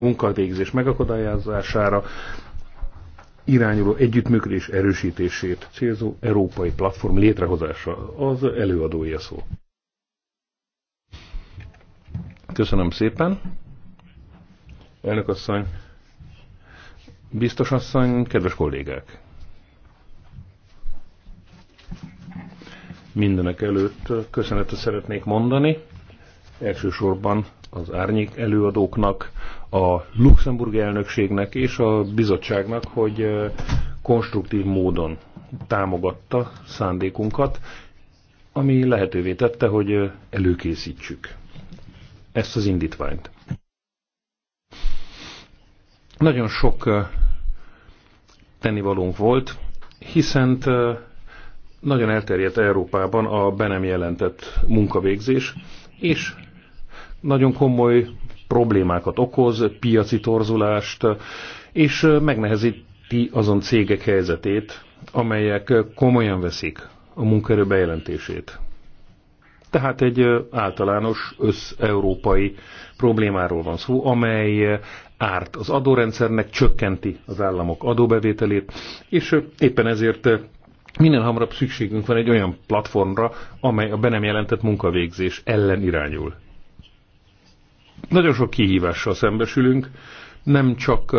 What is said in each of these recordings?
munkavégzés megakadályozására irányuló együttműködés erősítését célzó európai platform létrehozása. Az előadója szó. Köszönöm szépen. Elnök asszony, biztos asszony, kedves kollégák! Mindenek előtt köszönetet szeretnék mondani, elsősorban az árnyék előadóknak, a Luxemburg elnökségnek és a bizottságnak, hogy konstruktív módon támogatta szándékunkat, ami lehetővé tette, hogy előkészítsük ezt az indítványt. Nagyon sok tennivalónk volt, hiszen nagyon elterjedt Európában a be nem jelentett munkavégzés, és nagyon komoly problémákat okoz, piaci torzulást, és megnehezíti azon cégek helyzetét, amelyek komolyan veszik a munkaerő bejelentését. Tehát egy általános összeurópai problémáról van szó, amely árt az adórendszernek, csökkenti az államok adóbevételét, és éppen ezért minél hamarabb szükségünk van egy olyan platformra, amely a be nem jelentett munkavégzés ellen irányul. Nagyon sok kihívással szembesülünk, nem csak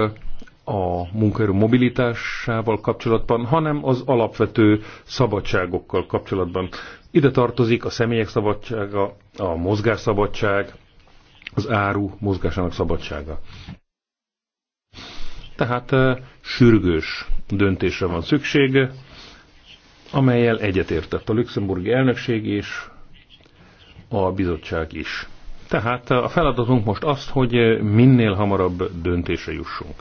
a munkaerő mobilitásával kapcsolatban, hanem az alapvető szabadságokkal kapcsolatban. Ide tartozik a személyek szabadsága, a mozgásszabadság, az áru mozgásának szabadsága. Tehát eh, sürgős döntésre van szükség, amelyel egyetértett a luxemburgi elnökség és a bizottság is. Tehát a feladatunk most azt, hogy minél hamarabb döntése jussunk.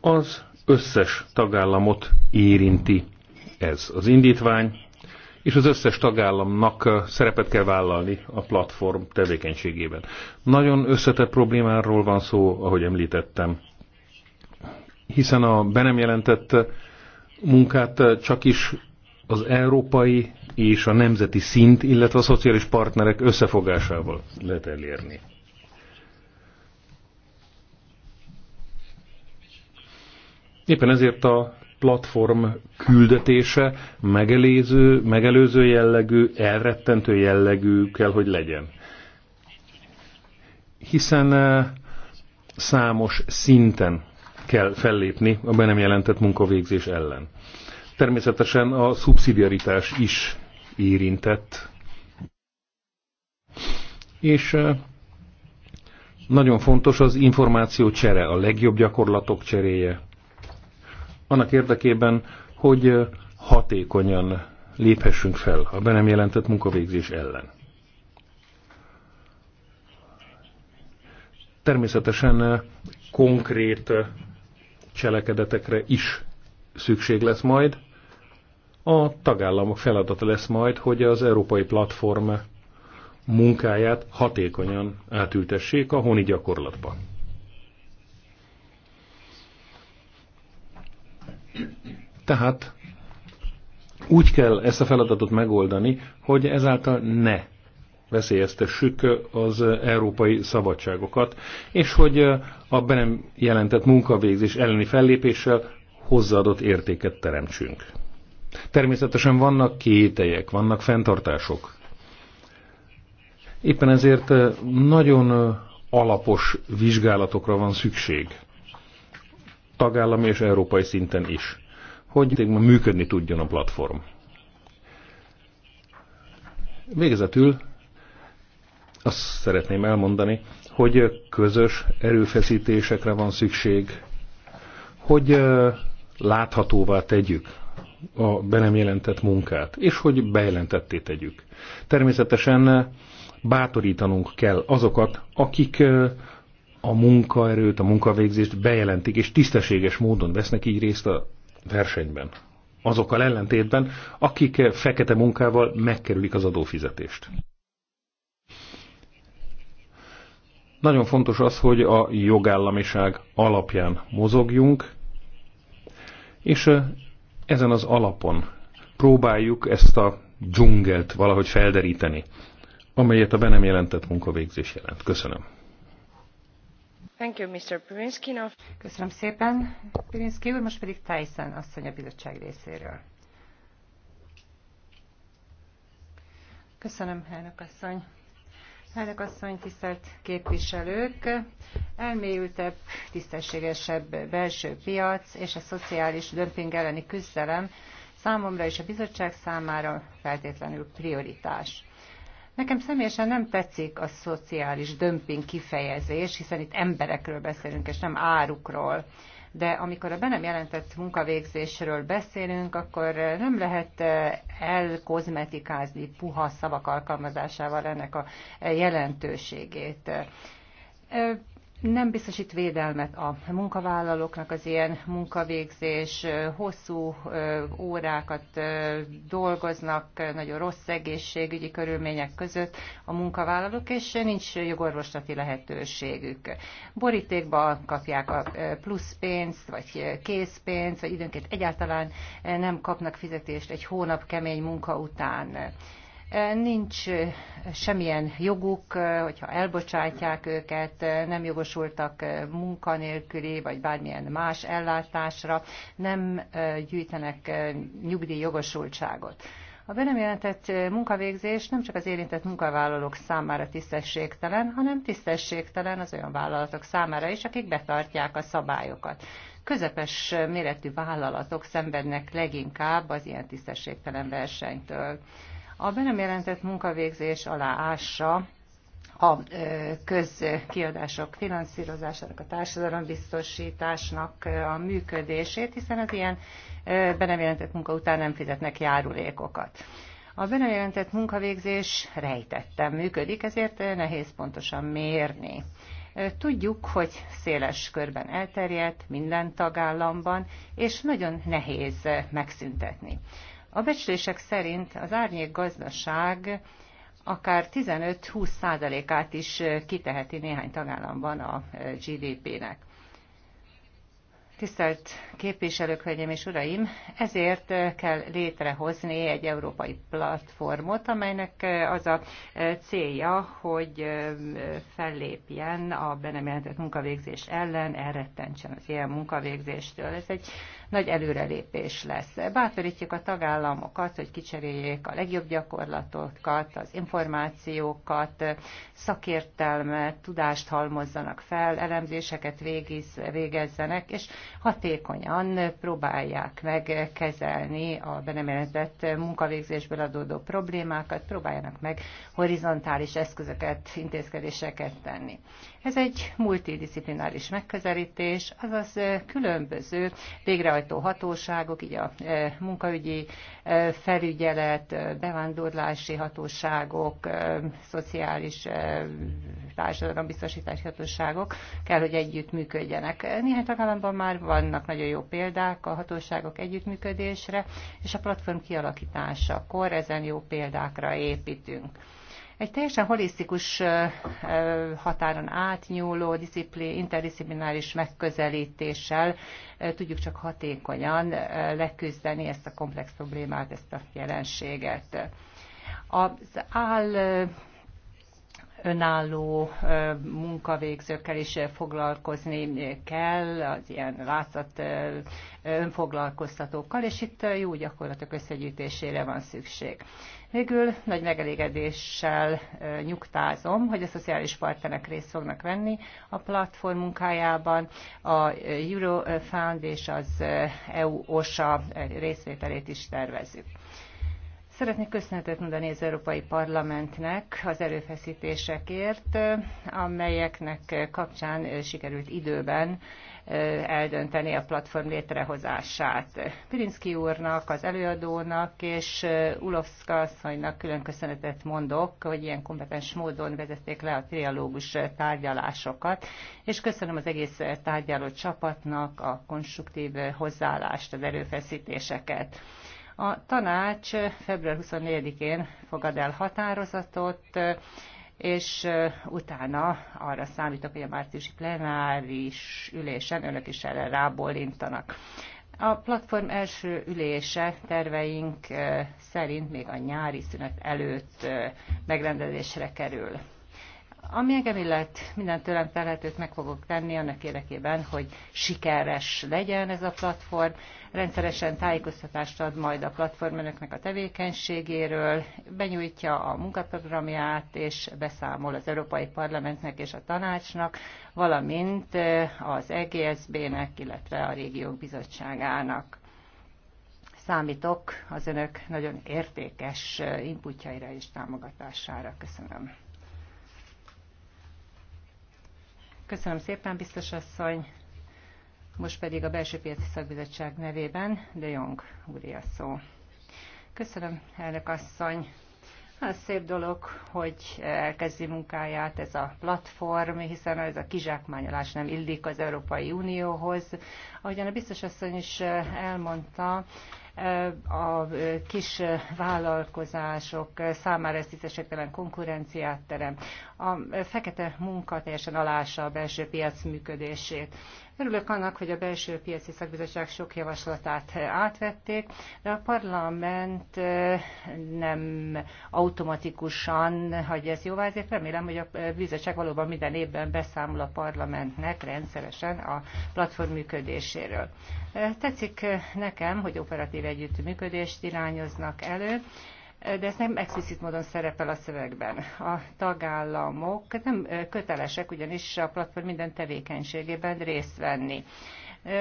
Az összes tagállamot érinti ez az indítvány, és az összes tagállamnak szerepet kell vállalni a platform tevékenységében. Nagyon összetett problémáról van szó, ahogy említettem, hiszen a be nem jelentett munkát csak is az európai és a nemzeti szint, illetve a szociális partnerek összefogásával lehet elérni. Éppen ezért a platform küldetése megelőző, megelőző jellegű, elrettentő jellegű kell, hogy legyen. Hiszen eh, számos szinten kell fellépni a be nem jelentett munkavégzés ellen. Természetesen a szubszidiaritás is érintett. És nagyon fontos az információ csere, a legjobb gyakorlatok cseréje. Annak érdekében, hogy hatékonyan léphessünk fel a be nem jelentett munkavégzés ellen. Természetesen konkrét cselekedetekre is szükség lesz majd, a tagállamok feladata lesz majd, hogy az európai platform munkáját hatékonyan átültessék a honi gyakorlatba. Tehát úgy kell ezt a feladatot megoldani, hogy ezáltal ne veszélyeztessük az európai szabadságokat, és hogy a benem nem jelentett munkavégzés elleni fellépéssel hozzáadott értéket teremtsünk. Természetesen vannak kételyek, vannak fenntartások. Éppen ezért nagyon alapos vizsgálatokra van szükség, tagállami és európai szinten is, hogy működni tudjon a platform. Végezetül azt szeretném elmondani, hogy közös erőfeszítésekre van szükség, hogy láthatóvá tegyük a be nem jelentett munkát, és hogy bejelentetté tegyük. Természetesen bátorítanunk kell azokat, akik a munkaerőt, a munkavégzést bejelentik, és tisztességes módon vesznek így részt a versenyben. Azokkal ellentétben, akik fekete munkával megkerülik az adófizetést. Nagyon fontos az, hogy a jogállamiság alapján mozogjunk, és ezen az alapon próbáljuk ezt a dzsungelt valahogy felderíteni, amelyet a be nem jelentett munkavégzés jelent. Köszönöm. Thank you, Mr. Köszönöm szépen, Pirinski úr, most pedig Tyson asszony a bizottság részéről. Köszönöm, elnök asszony. Elnök asszony, tisztelt képviselők! Elmélyültebb, tisztességesebb belső piac és a szociális dömping elleni küzdelem számomra és a bizottság számára feltétlenül prioritás. Nekem személyesen nem tetszik a szociális dömping kifejezés, hiszen itt emberekről beszélünk, és nem árukról de amikor a be nem jelentett munkavégzésről beszélünk, akkor nem lehet eh, elkozmetikázni puha szavak alkalmazásával ennek a eh, jelentőségét. Eh, nem biztosít védelmet a munkavállalóknak az ilyen munkavégzés, hosszú órákat dolgoznak, nagyon rossz egészségügyi körülmények között a munkavállalók, és nincs jogorvoslati lehetőségük. Borítékba kapják a plusz pénzt, vagy készpénzt, vagy időnként egyáltalán nem kapnak fizetést egy hónap kemény munka után nincs semmilyen joguk, hogyha elbocsátják őket, nem jogosultak munkanélküli vagy bármilyen más ellátásra, nem gyűjtenek nyugdíjjogosultságot. A be nem jelentett munkavégzés nem csak az érintett munkavállalók számára tisztességtelen, hanem tisztességtelen az olyan vállalatok számára is, akik betartják a szabályokat. Közepes méretű vállalatok szenvednek leginkább az ilyen tisztességtelen versenytől. A be nem jelentett munkavégzés alá ássa a közkiadások finanszírozásának, a társadalombiztosításnak a működését, hiszen az ilyen be nem jelentett munka után nem fizetnek járulékokat. A be nem jelentett munkavégzés rejtettem működik, ezért nehéz pontosan mérni. Tudjuk, hogy széles körben elterjedt minden tagállamban, és nagyon nehéz megszüntetni. A becslések szerint az árnyék gazdaság akár 15-20 százalékát is kiteheti néhány tagállamban a eh, GDP-nek. Tisztelt képviselők, hölgyeim és uraim! Ezért kell létrehozni egy európai platformot, amelynek az a célja, hogy fellépjen a be nem jelentett munkavégzés ellen, elrettentsen az ilyen munkavégzéstől. Ez egy nagy előrelépés lesz. Bátorítjuk a tagállamokat, hogy kicseréljék a legjobb gyakorlatokat, az információkat, szakértelmet, tudást halmozzanak fel, elemzéseket végezzenek, és hatékonyan próbálják meg kezelni a be munkavégzésből adódó problémákat, próbáljanak meg horizontális eszközöket, intézkedéseket tenni. Ez egy multidisziplináris megközelítés, azaz különböző végrehajtó hatóságok, így a munkaügyi felügyelet, bevándorlási hatóságok, szociális társadalombiztosítási hatóságok kell, hogy együttműködjenek. Néhány tagállamban már már, vannak nagyon jó példák a hatóságok együttműködésre, és a platform kialakításakor ezen jó példákra építünk. Egy teljesen holisztikus határon átnyúló, interdisziplináris megközelítéssel tudjuk csak hatékonyan leküzdeni ezt a komplex problémát, ezt a jelenséget. Az áll önálló munkavégzőkkel is foglalkozni kell, az ilyen látszat önfoglalkoztatókkal, és itt jó gyakorlatok összegyűjtésére van szükség. Végül nagy megelégedéssel nyugtázom, hogy a szociális partnerek részt fognak venni a platform munkájában. A Eurofound és az EU-OSA részvételét is tervezünk. Szeretnék köszönetet mondani az Európai Parlamentnek az erőfeszítésekért, amelyeknek kapcsán sikerült időben eldönteni a platform létrehozását. Pirinszki úrnak, az előadónak és Ulovszka asszonynak külön köszönetet mondok, hogy ilyen kompetens módon vezették le a trialógus tárgyalásokat, és köszönöm az egész tárgyaló csapatnak a konstruktív hozzáállást, az erőfeszítéseket. A tanács február 24-én fogad el határozatot, és utána arra számítok, hogy a márciusi plenáris ülésen önök is erre rábólintanak. A platform első ülése terveink szerint még a nyári szünet előtt megrendezésre kerül. Ami engem illet, minden tőlem telhetőt meg fogok tenni annak érdekében, hogy sikeres legyen ez a platform. Rendszeresen tájékoztatást ad majd a platform önöknek a tevékenységéről, benyújtja a munkaprogramját, és beszámol az Európai Parlamentnek és a Tanácsnak, valamint az EGSB-nek, illetve a Régiók Bizottságának. Számítok az önök nagyon értékes inputjaira és támogatására. Köszönöm. Köszönöm szépen, biztos asszony. Most pedig a Belső Piaci Szakbizottság nevében De Jong úri a szó. Köszönöm, elnök asszony. az szép dolog, hogy elkezdi munkáját ez a platform, hiszen ez a kizsákmányolás nem illik az Európai Unióhoz. Ahogyan a biztos asszony is eh, elmondta, a kis vállalkozások számára ez tisztességtelen konkurenciát terem. A fekete munka teljesen alása a belső piac működését. Örülök annak, hogy a belső piaci szakbizottság sok javaslatát eh, átvették, de a parlament eh, nem automatikusan hagyja ezt jóvá, ezért remélem, hogy a eh, bizottság valóban minden évben beszámol a parlamentnek rendszeresen a platform működéséről. Tetszik nekem, hogy operatív együttműködést irányoznak elő, de ez nem explicit módon szerepel a szövegben. A tagállamok nem kötelesek ugyanis a platform minden tevékenységében részt venni.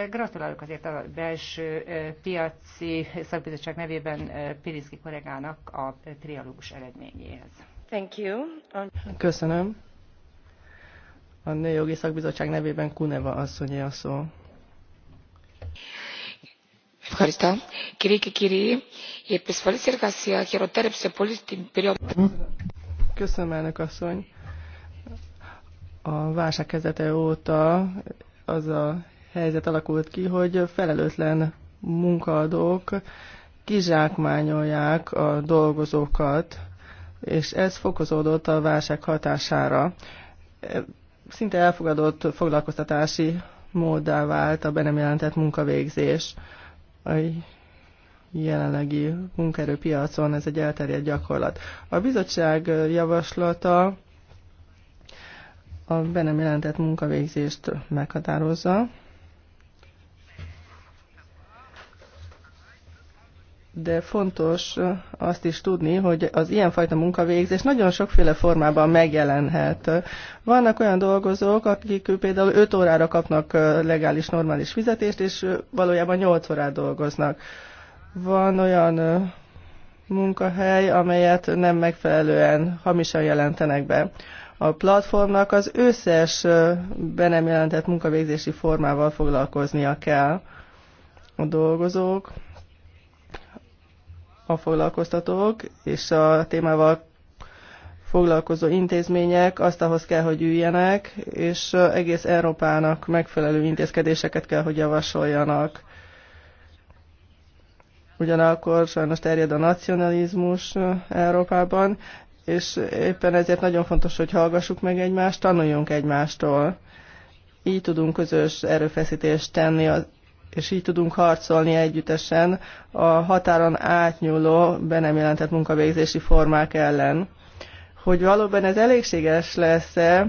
Gratulálok azért a belső piaci szakbizottság nevében Pirinszki kollégának a trialógus eredményéhez. Thank you. Köszönöm. A Nőjogi Szakbizottság nevében Kuneva asszonyé a szó. Köszönöm, elnök asszony. A válság kezdete óta az a helyzet alakult ki, hogy felelőtlen munkaadók kizsákmányolják a dolgozókat, és ez fokozódott a válság hatására. Szinte elfogadott foglalkoztatási móddá vált a be nem jelentett munkavégzés a jelenlegi munkaerőpiacon ez egy elterjedt gyakorlat. A bizottság javaslata a be nem jelentett munkavégzést meghatározza, de fontos azt is tudni, hogy az ilyenfajta munkavégzés nagyon sokféle formában megjelenhet. Vannak olyan dolgozók, akik például 5 órára kapnak legális, normális fizetést, és valójában 8 órát dolgoznak. Van olyan munkahely, amelyet nem megfelelően hamisan jelentenek be. A platformnak az összes be nem jelentett munkavégzési formával foglalkoznia kell a dolgozók, a foglalkoztatók és a témával foglalkozó intézmények azt ahhoz kell, hogy üljenek, és egész Európának megfelelő intézkedéseket kell, hogy javasoljanak. Ugyanakkor sajnos terjed a nacionalizmus Európában, és éppen ezért nagyon fontos, hogy hallgassuk meg egymást, tanuljunk egymástól. Így tudunk közös erőfeszítést tenni az és így tudunk harcolni együttesen a határon átnyúló, be nem jelentett munkavégzési formák ellen. Hogy valóban ez elégséges lesz-e,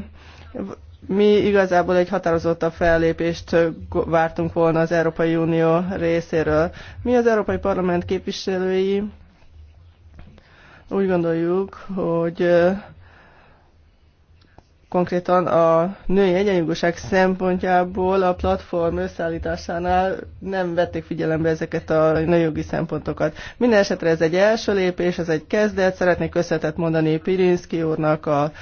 mi igazából egy határozottabb fellépést vártunk volna az Európai Unió részéről. Mi az Európai Parlament képviselői úgy gondoljuk, hogy konkrétan a női egyenjogúság szempontjából a platform összeállításánál nem vették figyelembe ezeket a nőjogi szempontokat. Minden esetre ez egy első lépés, ez egy kezdet. Szeretnék köszönetet mondani Pirinszki úrnak, a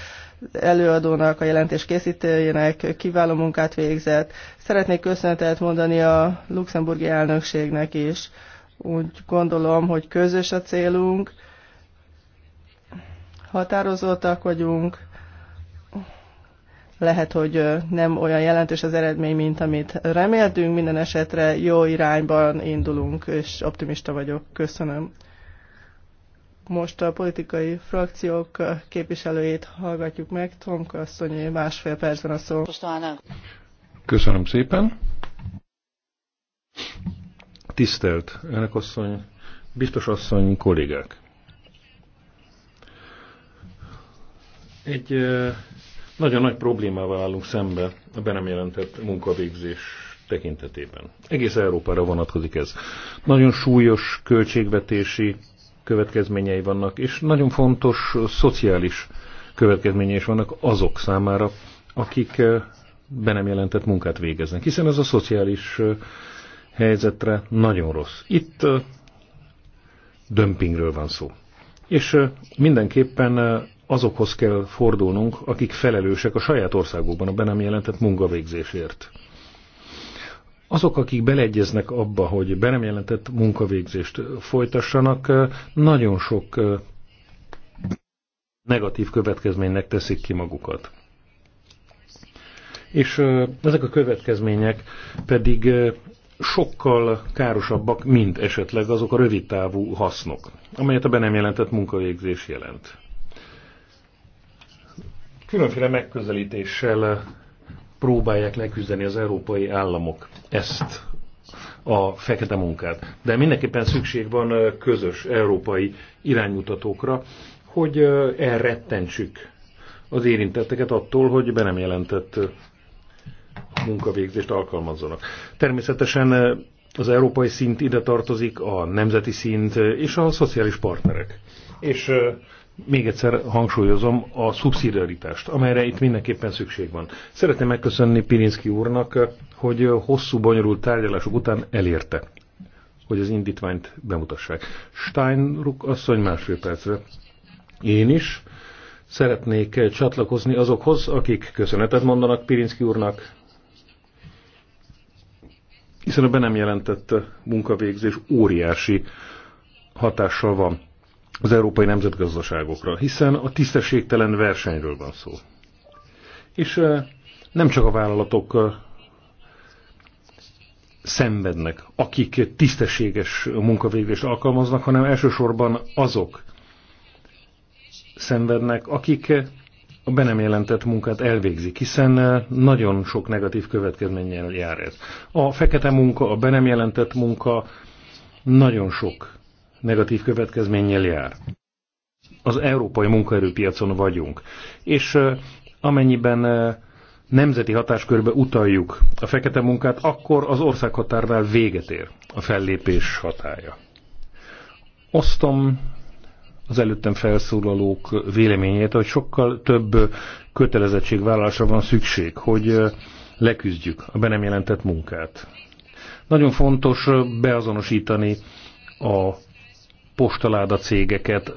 előadónak, a jelentés készítőjének kiváló munkát végzett. Szeretnék köszönetet mondani a luxemburgi elnökségnek is. Úgy gondolom, hogy közös a célunk, határozottak vagyunk, lehet, hogy nem olyan jelentős az eredmény, mint amit reméltünk. Minden esetre jó irányban indulunk, és optimista vagyok. Köszönöm. Most a politikai frakciók képviselőjét hallgatjuk meg. Tomka asszony, másfél percben a szó. Köszönöm szépen. Tisztelt ennek asszony, biztos asszony, kollégák. Egy nagyon nagy problémával állunk szembe a be nem jelentett munkavégzés tekintetében. Egész Európára vonatkozik ez. Nagyon súlyos költségvetési következményei vannak, és nagyon fontos szociális következményei is vannak azok számára, akik eh, be nem jelentett munkát végeznek, hiszen ez a szociális eh, helyzetre nagyon rossz. Itt eh, dömpingről van szó. És mindenképpen azokhoz kell fordulnunk, akik felelősek a saját országukban a be nem jelentett munkavégzésért. Azok, akik beleegyeznek abba, hogy be nem jelentett munkavégzést folytassanak, nagyon sok negatív következménynek teszik ki magukat. És ezek a következmények pedig sokkal károsabbak, mint esetleg azok a rövidtávú hasznok, amelyet a be nem jelentett munkavégzés jelent különféle megközelítéssel eh, próbálják leküzdeni az európai államok ezt a fekete munkát. De mindenképpen szükség van eh, közös európai iránymutatókra, hogy eh, elrettentsük az érintetteket attól, hogy be nem jelentett munkavégzést alkalmazzanak. Természetesen az európai szint ide tartozik, a nemzeti szint és a szociális partnerek. És még egyszer hangsúlyozom a szubszidiaritást, amelyre itt mindenképpen szükség van. Szeretném megköszönni Pirinszki úrnak, hogy hosszú, bonyolult tárgyalások után elérte, hogy az indítványt bemutassák. Steinruck asszony másfél percre. Én is szeretnék csatlakozni azokhoz, akik köszönetet mondanak Pirinszki úrnak, hiszen a be nem jelentett munkavégzés óriási hatással van az európai nemzetgazdaságokra, hiszen a tisztességtelen versenyről van szó. És eh, nem csak a vállalatok eh, szenvednek, akik tisztességes munkavégzést alkalmaznak, hanem elsősorban azok szenvednek, akik eh, a be nem jelentett munkát elvégzik, hiszen eh, nagyon sok negatív következménnyel jár ez. A fekete munka, a be nem jelentett munka nagyon sok negatív következménnyel jár. Az európai munkaerőpiacon vagyunk, és eh, amennyiben eh, nemzeti hatáskörbe utaljuk a fekete munkát, akkor az országhatárnál véget ér a fellépés hatája. Osztom az előttem felszólalók véleményét, hogy sokkal több kötelezettségvállalásra van szükség, hogy leküzdjük a be nem jelentett munkát. Nagyon fontos beazonosítani a postaláda cégeket,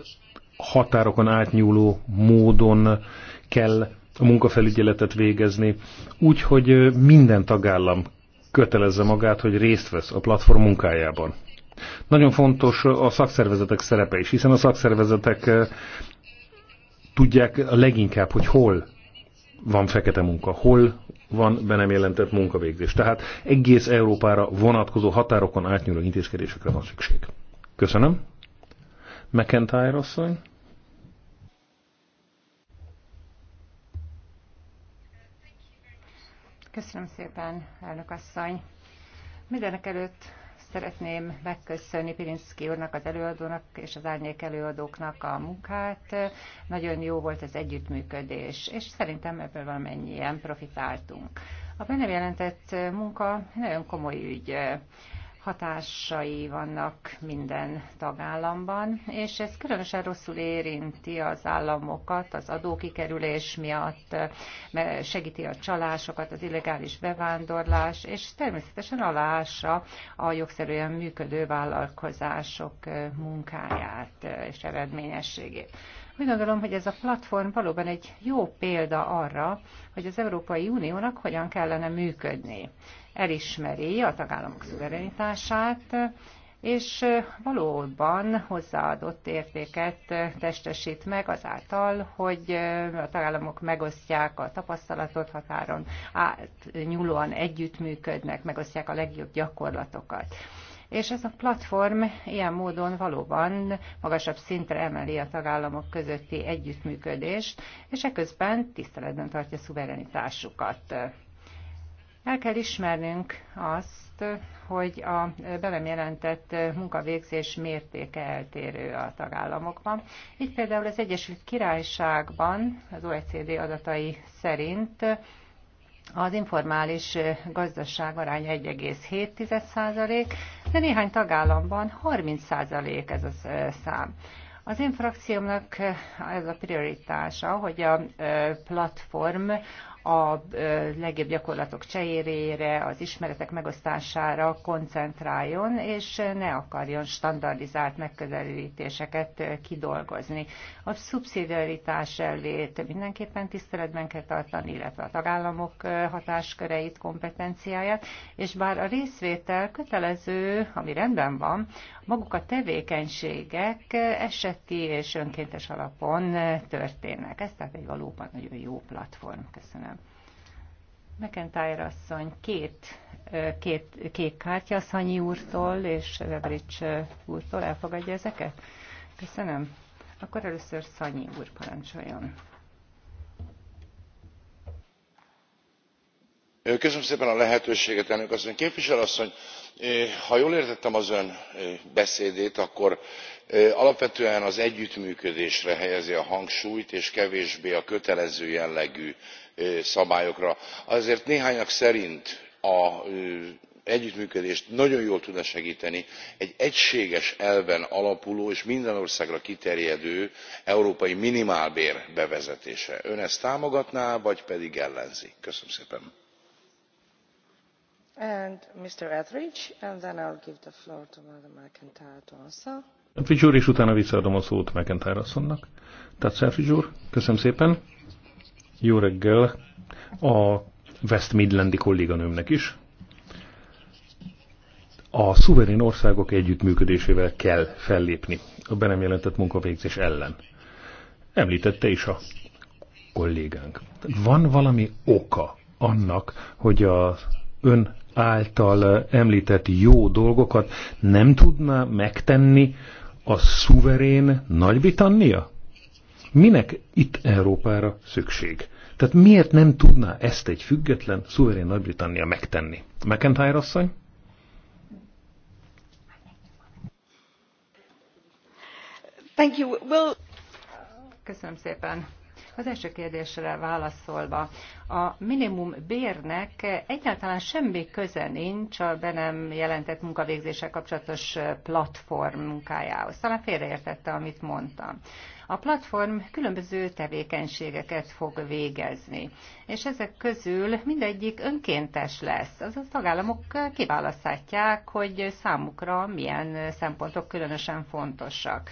határokon átnyúló módon kell a munkafelügyeletet végezni, úgy, hogy minden tagállam kötelezze magát, hogy részt vesz a platform munkájában. Nagyon fontos a szakszervezetek szerepe is, hiszen a szakszervezetek eh, tudják leginkább, hogy hol van fekete munka, hol van be nem jelentett munkavégzés. Tehát egész Európára vonatkozó határokon átnyúló intézkedésekre van szükség. Köszönöm. McIntyre asszony. Köszönöm szépen, elnök asszony. Mindenek előtt Szeretném megköszönni Pirinszki úrnak, az előadónak és az árnyék előadóknak a munkát. Nagyon jó volt az együttműködés, és szerintem ebből valamennyien profitáltunk. A benne jelentett munka nagyon komoly ügy hatásai vannak minden tagállamban, és ez különösen rosszul érinti az államokat az adókikerülés miatt, segíti a csalásokat, az illegális bevándorlás, és természetesen alása a jogszerűen működő vállalkozások munkáját és eredményességét. Úgy gondolom, hogy ez a platform valóban egy jó példa arra, hogy az Európai Uniónak hogyan kellene működni elismeri a tagállamok szuverenitását, és valóban hozzáadott értéket testesít meg azáltal, hogy a tagállamok megosztják a tapasztalatot határon, átnyúlóan együttműködnek, megosztják a legjobb gyakorlatokat. És ez a platform ilyen módon valóban magasabb szintre emeli a tagállamok közötti együttműködést, és eközben tiszteletben tartja szuverenitásukat. El kell ismernünk azt, hogy a belem jelentett munkavégzés mértéke eltérő a tagállamokban. Így például az Egyesült Királyságban az OECD adatai szerint az informális gazdaság aránya 1,7%, de néhány tagállamban 30% ez a szám. Az én frakciómnak ez a prioritása, hogy a platform a legjobb gyakorlatok cseréjére, az ismeretek megosztására koncentráljon, és ne akarjon standardizált megközelítéseket kidolgozni. A szubszidiaritás elvét mindenképpen tiszteletben kell tartani, illetve a tagállamok hatásköreit, kompetenciáját, és bár a részvétel kötelező, ami rendben van, maguk a tevékenységek eseti és önkéntes alapon történnek. Ez tehát egy valóban nagyon jó platform. Köszönöm. McIntyre asszony két, két két kártya Szanyi úrtól és Webrics úrtól elfogadja ezeket? Köszönöm. Akkor először Szanyi úr parancsoljon. Köszönöm szépen a lehetőséget, elnök asszony. Képviselő asszony, ha jól értettem az ön beszédét akkor alapvetően az együttműködésre helyezi a hangsúlyt és kevésbé a kötelező jellegű szabályokra. azért néhányak szerint az együttműködést nagyon jól tudna segteni egy egységes elven alapuló és minden országra kiterjedő európai minimálbér bevezetése. ön ezt támogatná vagy pedig ellenzi? köszönöm szépen. Etheridge úr, és utána visszaadom a szót McIntyre asszonynak. Tehát Selfridge úr, köszönöm szépen. Jó reggel a West Midlandi kolléganőmnek is. A szuverén országok együttműködésével kell fellépni a be nem jelentett munkavégzés ellen. Említette is a kollégánk. Van valami oka annak, hogy az ön által említett jó dolgokat nem tudná megtenni a szuverén Nagy-Britannia? Minek itt Európára szükség? Tehát miért nem tudná ezt egy független, szuverén Nagy-Britannia megtenni? McIntyre asszony? Thank you. Well... Köszönöm szépen. Az első kérdésre válaszolva, a minimum bérnek egyáltalán semmi köze nincs a be nem jelentett munkavégzéssel kapcsolatos platform munkájához. Talán félreértette, amit mondtam. A platform különböző tevékenységeket fog végezni, és ezek közül mindegyik önkéntes lesz. Az a tagállamok kiválaszthatják, hogy számukra milyen szempontok különösen fontosak.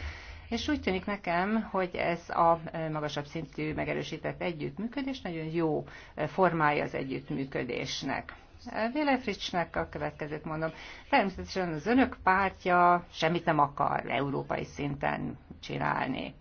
És úgy tűnik nekem, hogy ez a e, magasabb szintű megerősített együttműködés nagyon jó e, formája az együttműködésnek. Vélefricsnek e, a következőt mondom. Természetesen az önök pártja semmit nem akar európai szinten csinálni.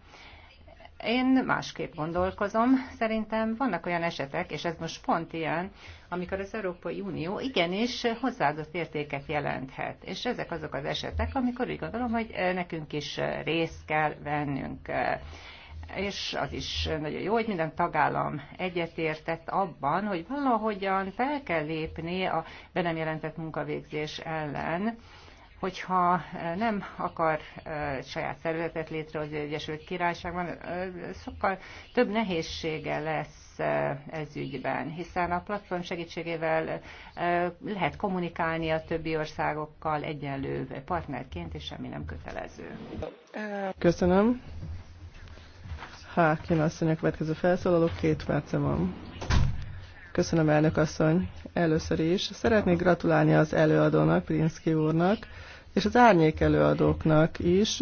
Én másképp gondolkozom. Szerintem vannak olyan esetek, és ez most pont ilyen, amikor az Európai Unió igenis hozzáadott értéket jelenthet. És ezek azok az esetek, amikor úgy gondolom, hogy nekünk is részt kell vennünk és az is nagyon jó, hogy minden tagállam egyetértett abban, hogy valahogyan fel kell lépni a be nem jelentett munkavégzés ellen, hogyha eh, nem akar eh, saját szervezetet létrehozni az Egyesült Királyságban, eh, sokkal több nehézsége lesz ez ügyben, hiszen a platform segítségével lehet kommunikálni a többi országokkal egyenlő partnerként, és semmi nem kötelező. Köszönöm. kéne asszony a következő felszólaló, két perce van. Köszönöm, elnök asszony. Először is szeretnék gratulálni az előadónak, Prinszki úrnak és az árnyék előadóknak is,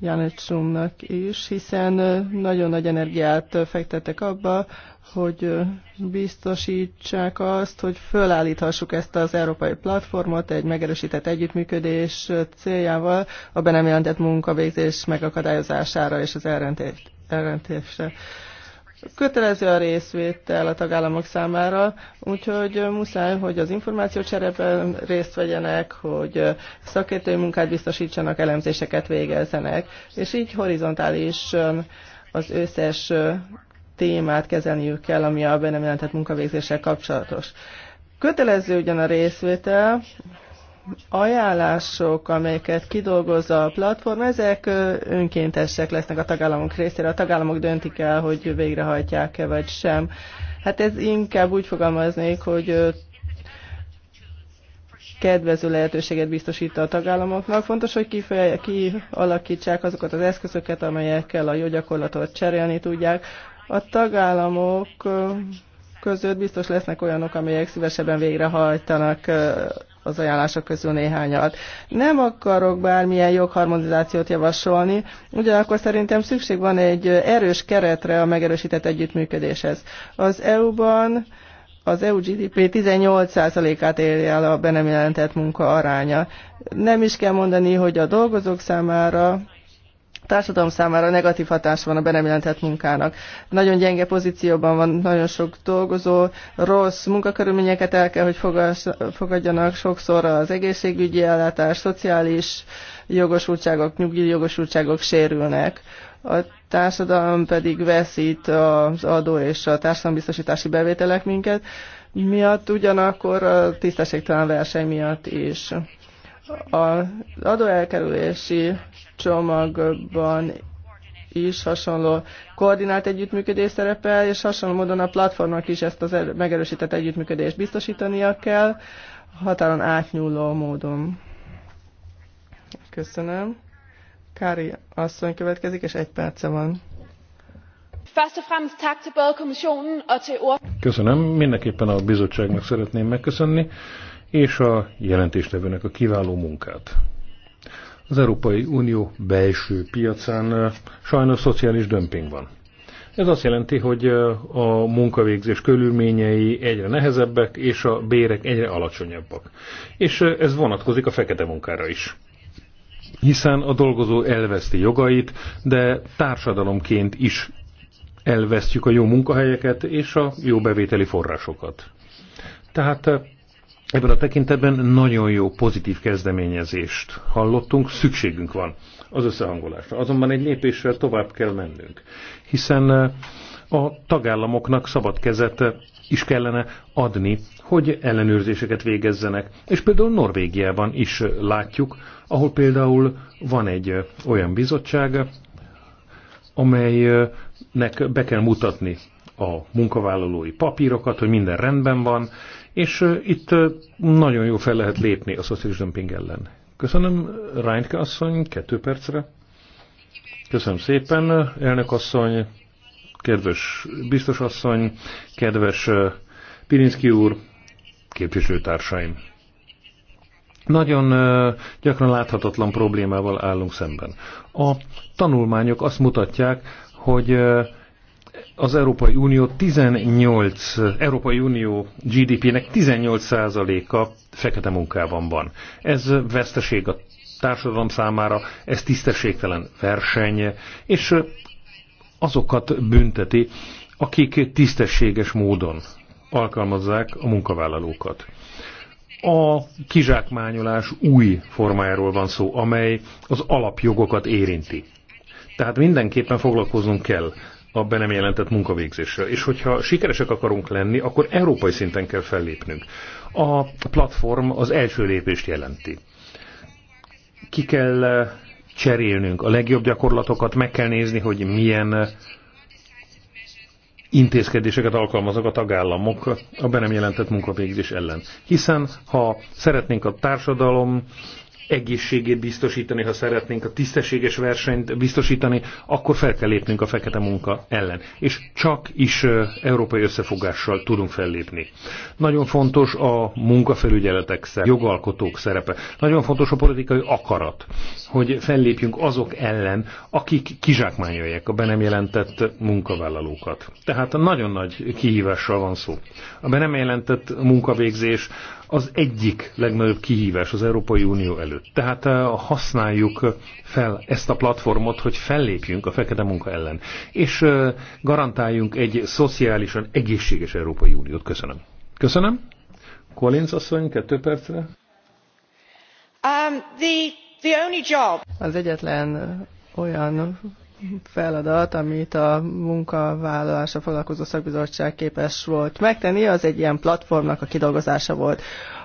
Janetsumnak is, hiszen nagyon nagy energiát fektettek abba, hogy biztosítsák azt, hogy fölállíthassuk ezt az európai platformot egy megerősített együttműködés céljával a be nem jelentett munkavégzés megakadályozására és az elrendésre. Kötelező a részvétel a tagállamok számára, úgyhogy muszáj, hogy az információcserében részt vegyenek, hogy szakértői munkát biztosítsanak, elemzéseket végezzenek, és így horizontálisan az összes témát kezelniük kell, ami a be nem jelentett munkavégzéssel kapcsolatos. Kötelező ugyan a részvétel, ajánlások, amelyeket kidolgoz a platform, ezek önkéntesek lesznek a tagállamok részére. A tagállamok döntik el, hogy végrehajtják-e vagy sem. Hát ez inkább úgy fogalmaznék, hogy kedvező lehetőséget biztosít a tagállamoknak. Fontos, hogy kifeje, kialakítsák azokat az eszközöket, amelyekkel a jó gyakorlatot cserélni tudják. A tagállamok között biztos lesznek olyanok, amelyek szívesebben végrehajtanak az ajánlások közül néhányat. Nem akarok bármilyen jogharmonizációt javasolni, ugyanakkor szerintem szükség van egy erős keretre a megerősített együttműködéshez. Az EU-ban az EU GDP 18%-át érje el a be nem jelentett munka aránya. Nem is kell mondani, hogy a dolgozók számára társadalom számára negatív hatás van a be nem jelentett munkának. Nagyon gyenge pozícióban van nagyon sok dolgozó, rossz munkakörülményeket el kell, hogy fogadjanak sokszor az egészségügyi ellátás, szociális jogosultságok, nyugdíj jogosultságok sérülnek. A társadalom pedig veszít az adó és a társadalombiztosítási bevételek minket, miatt ugyanakkor a tisztességtelen verseny miatt is. Az adóelkerülési csomagban is hasonló koordinált együttműködés szerepel, és hasonló módon a platformnak is ezt az megerősített együttműködést biztosítania kell, határon átnyúló módon. Köszönöm. Kári asszony következik, és egy perce van. Uh, Köszönöm. Mindenképpen a bizottságnak szeretném megköszönni és a jelentéstevőnek a kiváló munkát. Az Európai Unió belső piacán sajnos szociális dömping van. Ez azt jelenti, hogy a munkavégzés körülményei egyre nehezebbek, és a bérek egyre alacsonyabbak. És ez vonatkozik a fekete munkára is. Hiszen a dolgozó elveszti jogait, de társadalomként is elvesztjük a jó munkahelyeket és a jó bevételi forrásokat. Tehát Ebben a tekintetben nagyon jó pozitív kezdeményezést hallottunk, szükségünk van az összehangolásra. Azonban egy lépéssel tovább kell mennünk, hiszen eh, a tagállamoknak szabad kezet eh, is kellene adni, hogy ellenőrzéseket végezzenek. És például Norvégiában is eh, látjuk, ahol például van egy olyan bizottság, amelynek be kell mutatni a munkavállalói papírokat, hogy minden rendben van, és itt nagyon jó fel lehet lépni a szociális dömping ellen. Köszönöm, Reinke asszony, kettő percre. Köszönöm szépen, elnök asszony, kedves biztos asszony, kedves Pirinszki úr, képviselőtársaim. Nagyon gyakran láthatatlan problémával állunk szemben. A tanulmányok azt mutatják, hogy az Európai Unió 18, Európai Unió GDP-nek 18%-a fekete munkában van. Ez veszteség a társadalom számára, ez tisztességtelen verseny, és azokat bünteti, akik tisztességes módon alkalmazzák a munkavállalókat. A kizsákmányolás új formájáról van szó, amely az alapjogokat érinti. Tehát mindenképpen foglalkoznunk kell a be nem jelentett munkavégzéssel. És hogyha sikeresek akarunk lenni, akkor európai szinten kell fellépnünk. A platform az első lépést jelenti. Ki kell eh, cserélnünk a legjobb gyakorlatokat, meg kell nézni, hogy milyen eh, intézkedéseket alkalmazok a tagállamok a be nem jelentett munkavégzés ellen. Hiszen ha szeretnénk a társadalom egészségét biztosítani, ha szeretnénk a tisztességes versenyt biztosítani, akkor fel kell lépnünk a fekete munka ellen. És csak is európai összefogással tudunk fellépni. Nagyon fontos a munkafelügyeletek szerepe, jogalkotók szerepe. Nagyon fontos a politikai akarat, hogy fellépjünk azok ellen, akik kizsákmányolják a be nem jelentett munkavállalókat. Tehát a nagyon nagy kihívással van szó. A be nem jelentett munkavégzés az egyik legnagyobb kihívás az Európai Unió előtt között. Tehát eh, használjuk fel ezt a platformot, hogy fellépjünk a fekete munka ellen, és eh, garantáljunk egy szociálisan egészséges Európai Uniót. Köszönöm. Köszönöm. Collins asszony, kettő percre. Um, the, the only job. Az egyetlen olyan feladat, amit a munkavállalásra foglalkozó szakbizottság képes volt megtenni, az egy ilyen platformnak a kidolgozása volt.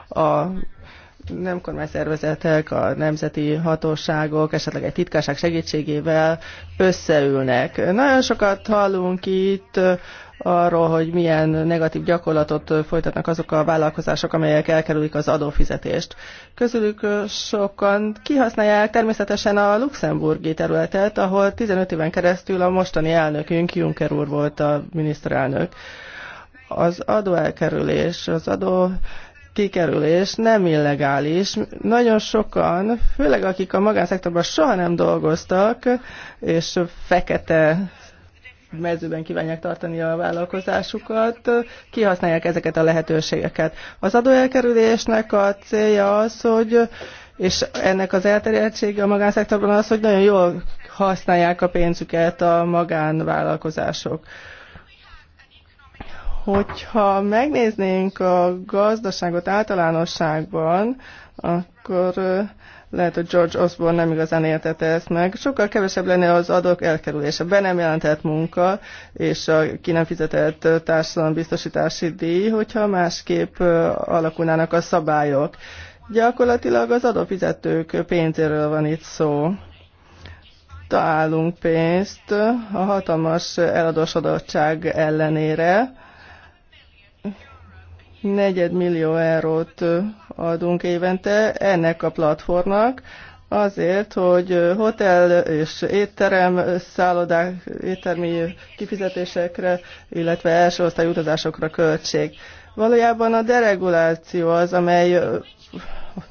A nem kormányszervezetek, a nemzeti hatóságok, esetleg egy titkárság segítségével összeülnek. Nagyon sokat hallunk itt arról, hogy milyen negatív gyakorlatot folytatnak azok a vállalkozások, amelyek elkerülik az adófizetést. Közülük sokan kihasználják természetesen a luxemburgi területet, ahol 15 éven keresztül a mostani elnökünk, Juncker úr volt a miniszterelnök. Az adóelkerülés, az adó kikerülés nem illegális. Nagyon sokan, főleg akik a magánszektorban soha nem dolgoztak, és fekete mezőben kívánják tartani a vállalkozásukat, kihasználják ezeket a lehetőségeket. Az adóelkerülésnek a célja az, hogy és ennek az elterjedtsége a magánszektorban az, hogy nagyon jól használják a pénzüket a magánvállalkozások. Hogyha megnéznénk a gazdaságot általánosságban, akkor lehet, hogy George Osborne nem igazán értette ezt meg. Sokkal kevesebb lenne az adók elkerülése. Be nem jelentett munka, és a ki nem fizetett társadalombiztosítási díj, hogyha másképp alakulnának a szabályok. Gyakorlatilag az adófizetők pénzéről van itt szó. Találunk pénzt a hatalmas eladósodottság ellenére, millió eurót adunk évente ennek a platformnak, azért, hogy hotel és étterem, szállodák, éttermi kifizetésekre, illetve első osztály utazásokra költség. Valójában a dereguláció az, amely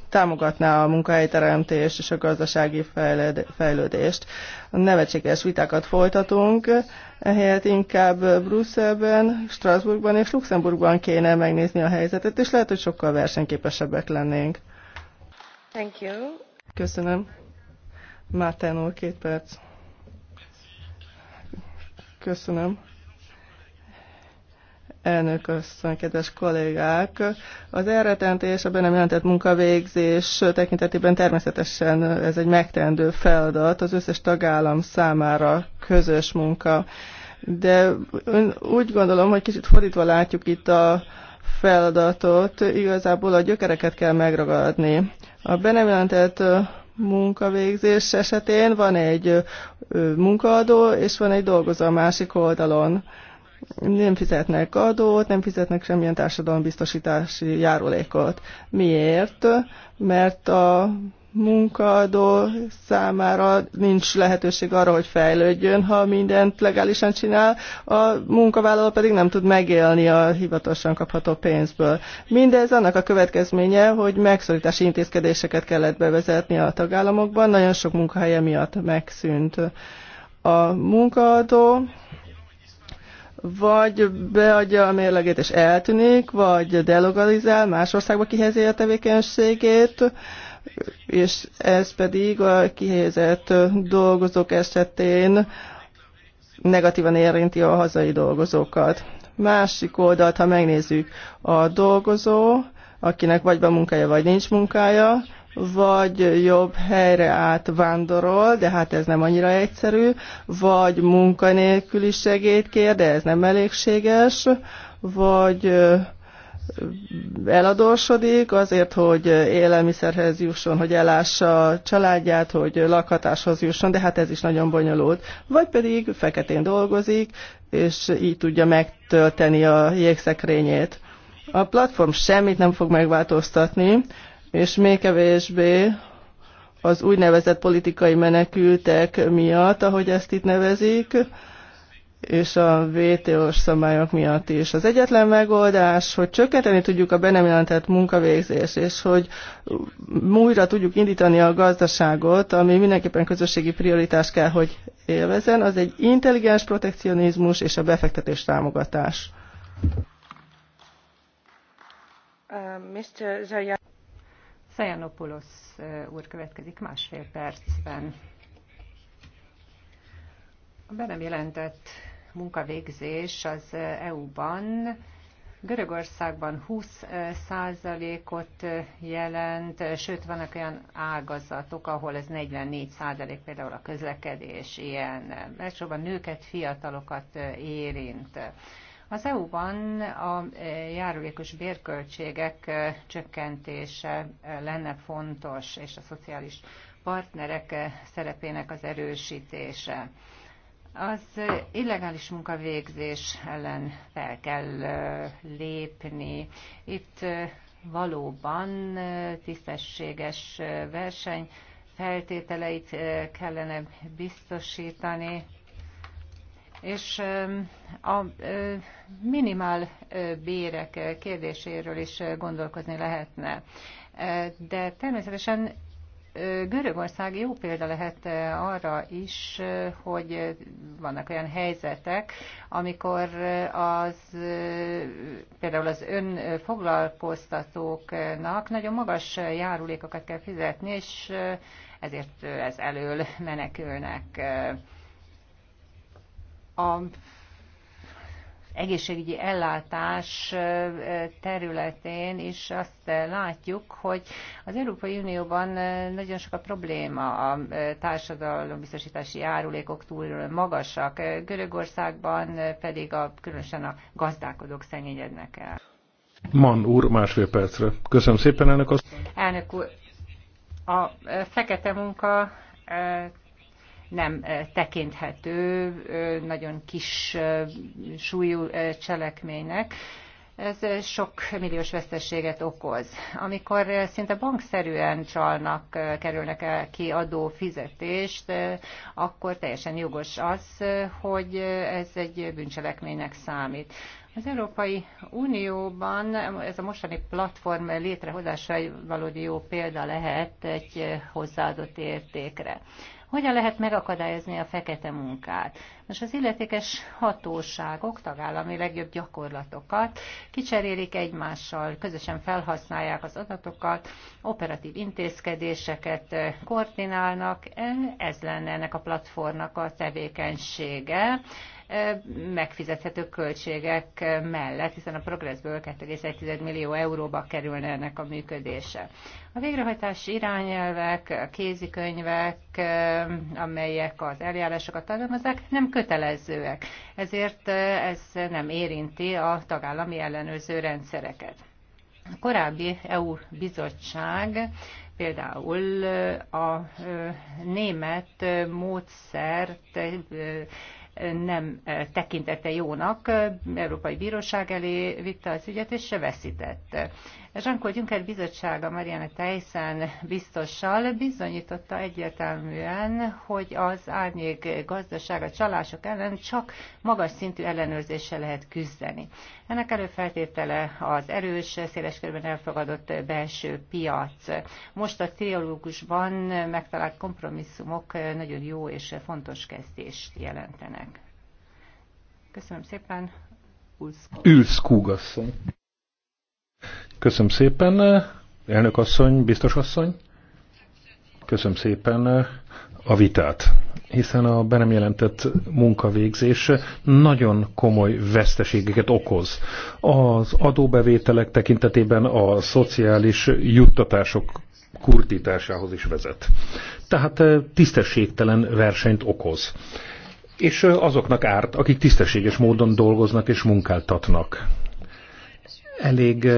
támogatná a munkahelyteremtést és a gazdasági fejlődést. Nevetséges vitákat folytatunk, ehelyett inkább Brüsszelben, Strasbourgban és Luxemburgban kéne megnézni a helyzetet, és lehet, hogy sokkal versenyképesebbek lennénk. Thank you. Köszönöm. Mátán úr, két perc. Köszönöm. Elnök asszony, kedves kollégák! Az és a be nem jelentett munkavégzés tekintetében természetesen ez egy megtendő feladat az összes tagállam számára közös munka. De úgy gondolom, hogy kicsit fordítva látjuk itt a feladatot, igazából a gyökereket kell megragadni. A be nem jelentett munkavégzés esetén van egy munkaadó, és van egy dolgozó a másik oldalon nem fizetnek adót, nem fizetnek semmilyen társadalombiztosítási járulékot. Miért? Mert a munkaadó számára nincs lehetőség arra, hogy fejlődjön, ha mindent legálisan csinál, a munkavállaló pedig nem tud megélni a hivatalosan kapható pénzből. Mindez annak a következménye, hogy megszorítási intézkedéseket kellett bevezetni a tagállamokban, nagyon sok munkahelye miatt megszűnt. A munkaadó vagy beadja a mérlegét és eltűnik, vagy delogalizál, más országba kihelyezi a tevékenységét, és ez pedig a kihelyezett dolgozók esetén negatívan érinti a hazai dolgozókat. Másik oldalt, ha megnézzük, a dolgozó, akinek vagy van munkája, vagy nincs munkája, vagy jobb helyre átvándorol, de hát ez nem annyira egyszerű, vagy munkanélküli segélyt kér, de ez nem elégséges, vagy eladósodik azért, hogy élelmiszerhez jusson, hogy elássa a családját, hogy lakhatáshoz jusson, de hát ez is nagyon bonyolult. Vagy pedig feketén dolgozik, és így tudja megtölteni a jégszekrényét. A platform semmit nem fog megváltoztatni, és még kevésbé az úgynevezett politikai menekültek miatt, ahogy ezt itt nevezik, és a vto s szabályok miatt is. Az egyetlen megoldás, hogy csökkenteni tudjuk a be nem jelentett munkavégzés, és hogy újra tudjuk indítani a gazdaságot, ami mindenképpen közösségi prioritás kell, hogy élvezen, az egy intelligens protekcionizmus és a befektetés támogatás. Uh, Mr. Zaya. Szajanopoulos úr következik másfél percben. A be nem jelentett munkavégzés az EU-ban Görögországban 20 százalékot jelent, sőt vannak olyan ágazatok, ahol ez 44 százalék, például a közlekedés ilyen. Elsősorban nőket, fiatalokat érint. Az EU-ban a e, járulékos bérköltségek e, csökkentése e, lenne fontos, és a szociális partnerek szerepének az erősítése. Az illegális munkavégzés ellen fel kell lépni. Itt valóban tisztességes verseny feltételeit kellene biztosítani és a minimál bérek kérdéséről is gondolkozni lehetne. De természetesen Görögország jó példa lehet arra is, hogy vannak olyan helyzetek, amikor az, például az önfoglalkoztatóknak nagyon magas járulékokat kell fizetni, és ezért ez elől menekülnek a egészségügyi ellátás területén is azt látjuk, hogy az Európai Unióban nagyon sok a probléma, a társadalombiztosítási járulékok túl magasak, Görögországban pedig a, különösen a gazdálkodók szennyegyednek el. Man úr, másfél percre. Köszönöm szépen, elnök azt. Elnök úr, a fekete munka nem tekinthető nagyon kis súlyú cselekménynek. Ez sok milliós veszteséget okoz. Amikor szinte bankszerűen csalnak, kerülnek el ki fizetést, akkor teljesen jogos az, hogy ez egy bűncselekménynek számít. Az Európai Unióban ez a mostani platform létrehozása egy valódi jó példa lehet egy hozzáadott értékre. Hogyan lehet megakadályozni a fekete munkát? Most az illetékes hatóságok, tagállami legjobb gyakorlatokat kicserélik egymással, közösen felhasználják az adatokat, operatív intézkedéseket eh, koordinálnak. Eh, Ez lenne ennek a platformnak a tevékenysége megfizethető költségek mellett, hiszen a progresszből 2,1 millió euróba kerülne ennek a működése. A végrehajtás irányelvek, a kézikönyvek, amelyek az eljárásokat tartalmazzák, nem kötelezőek, ezért ez nem érinti a tagállami ellenőrző rendszereket. A korábbi EU bizottság például a német módszert nem tekintette jónak, Európai Bíróság elé vitte az ügyet, és veszített. Jean-Claude Juncker bizottsága Marianne Tyson biztossal bizonyította egyértelműen, hogy az árnyék gazdaság a csalások ellen csak magas szintű ellenőrzéssel lehet küzdeni. Ennek előfeltétele az erős, széles körben elfogadott belső piac. Most a triológusban megtalált kompromisszumok nagyon jó és fontos kezdést jelentenek. Köszönöm szépen. Ulszkúgasszony. Köszönöm szépen, elnök asszony, biztos asszony. Köszönöm szépen a vitát, hiszen a be nem jelentett munkavégzés nagyon komoly veszteségeket okoz. Az adóbevételek tekintetében a szociális juttatások kurtításához is vezet. Tehát eh, tisztességtelen versenyt okoz. És eh, azoknak árt, akik tisztességes módon dolgoznak és munkáltatnak elég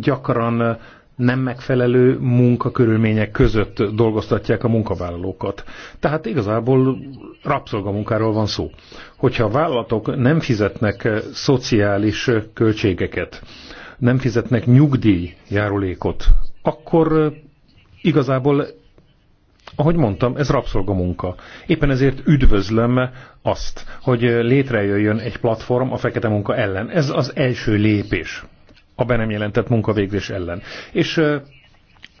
gyakran nem megfelelő munkakörülmények között dolgoztatják a munkavállalókat. Tehát igazából rabszolgamunkáról van szó. Hogyha a vállalatok nem fizetnek szociális költségeket, nem fizetnek nyugdíjjárulékot, akkor igazából, ahogy mondtam, ez rabszolgamunka. Éppen ezért üdvözlöm azt, hogy létrejöjjön egy platform a fekete munka ellen. Ez az első lépés a be nem jelentett munkavégzés ellen. És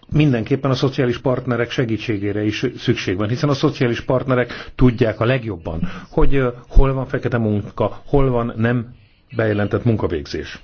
mindenképpen a szociális partnerek segítségére is szükség van, hiszen a szociális partnerek tudják a legjobban, hogy hol van fekete munka, hol van nem bejelentett munkavégzés.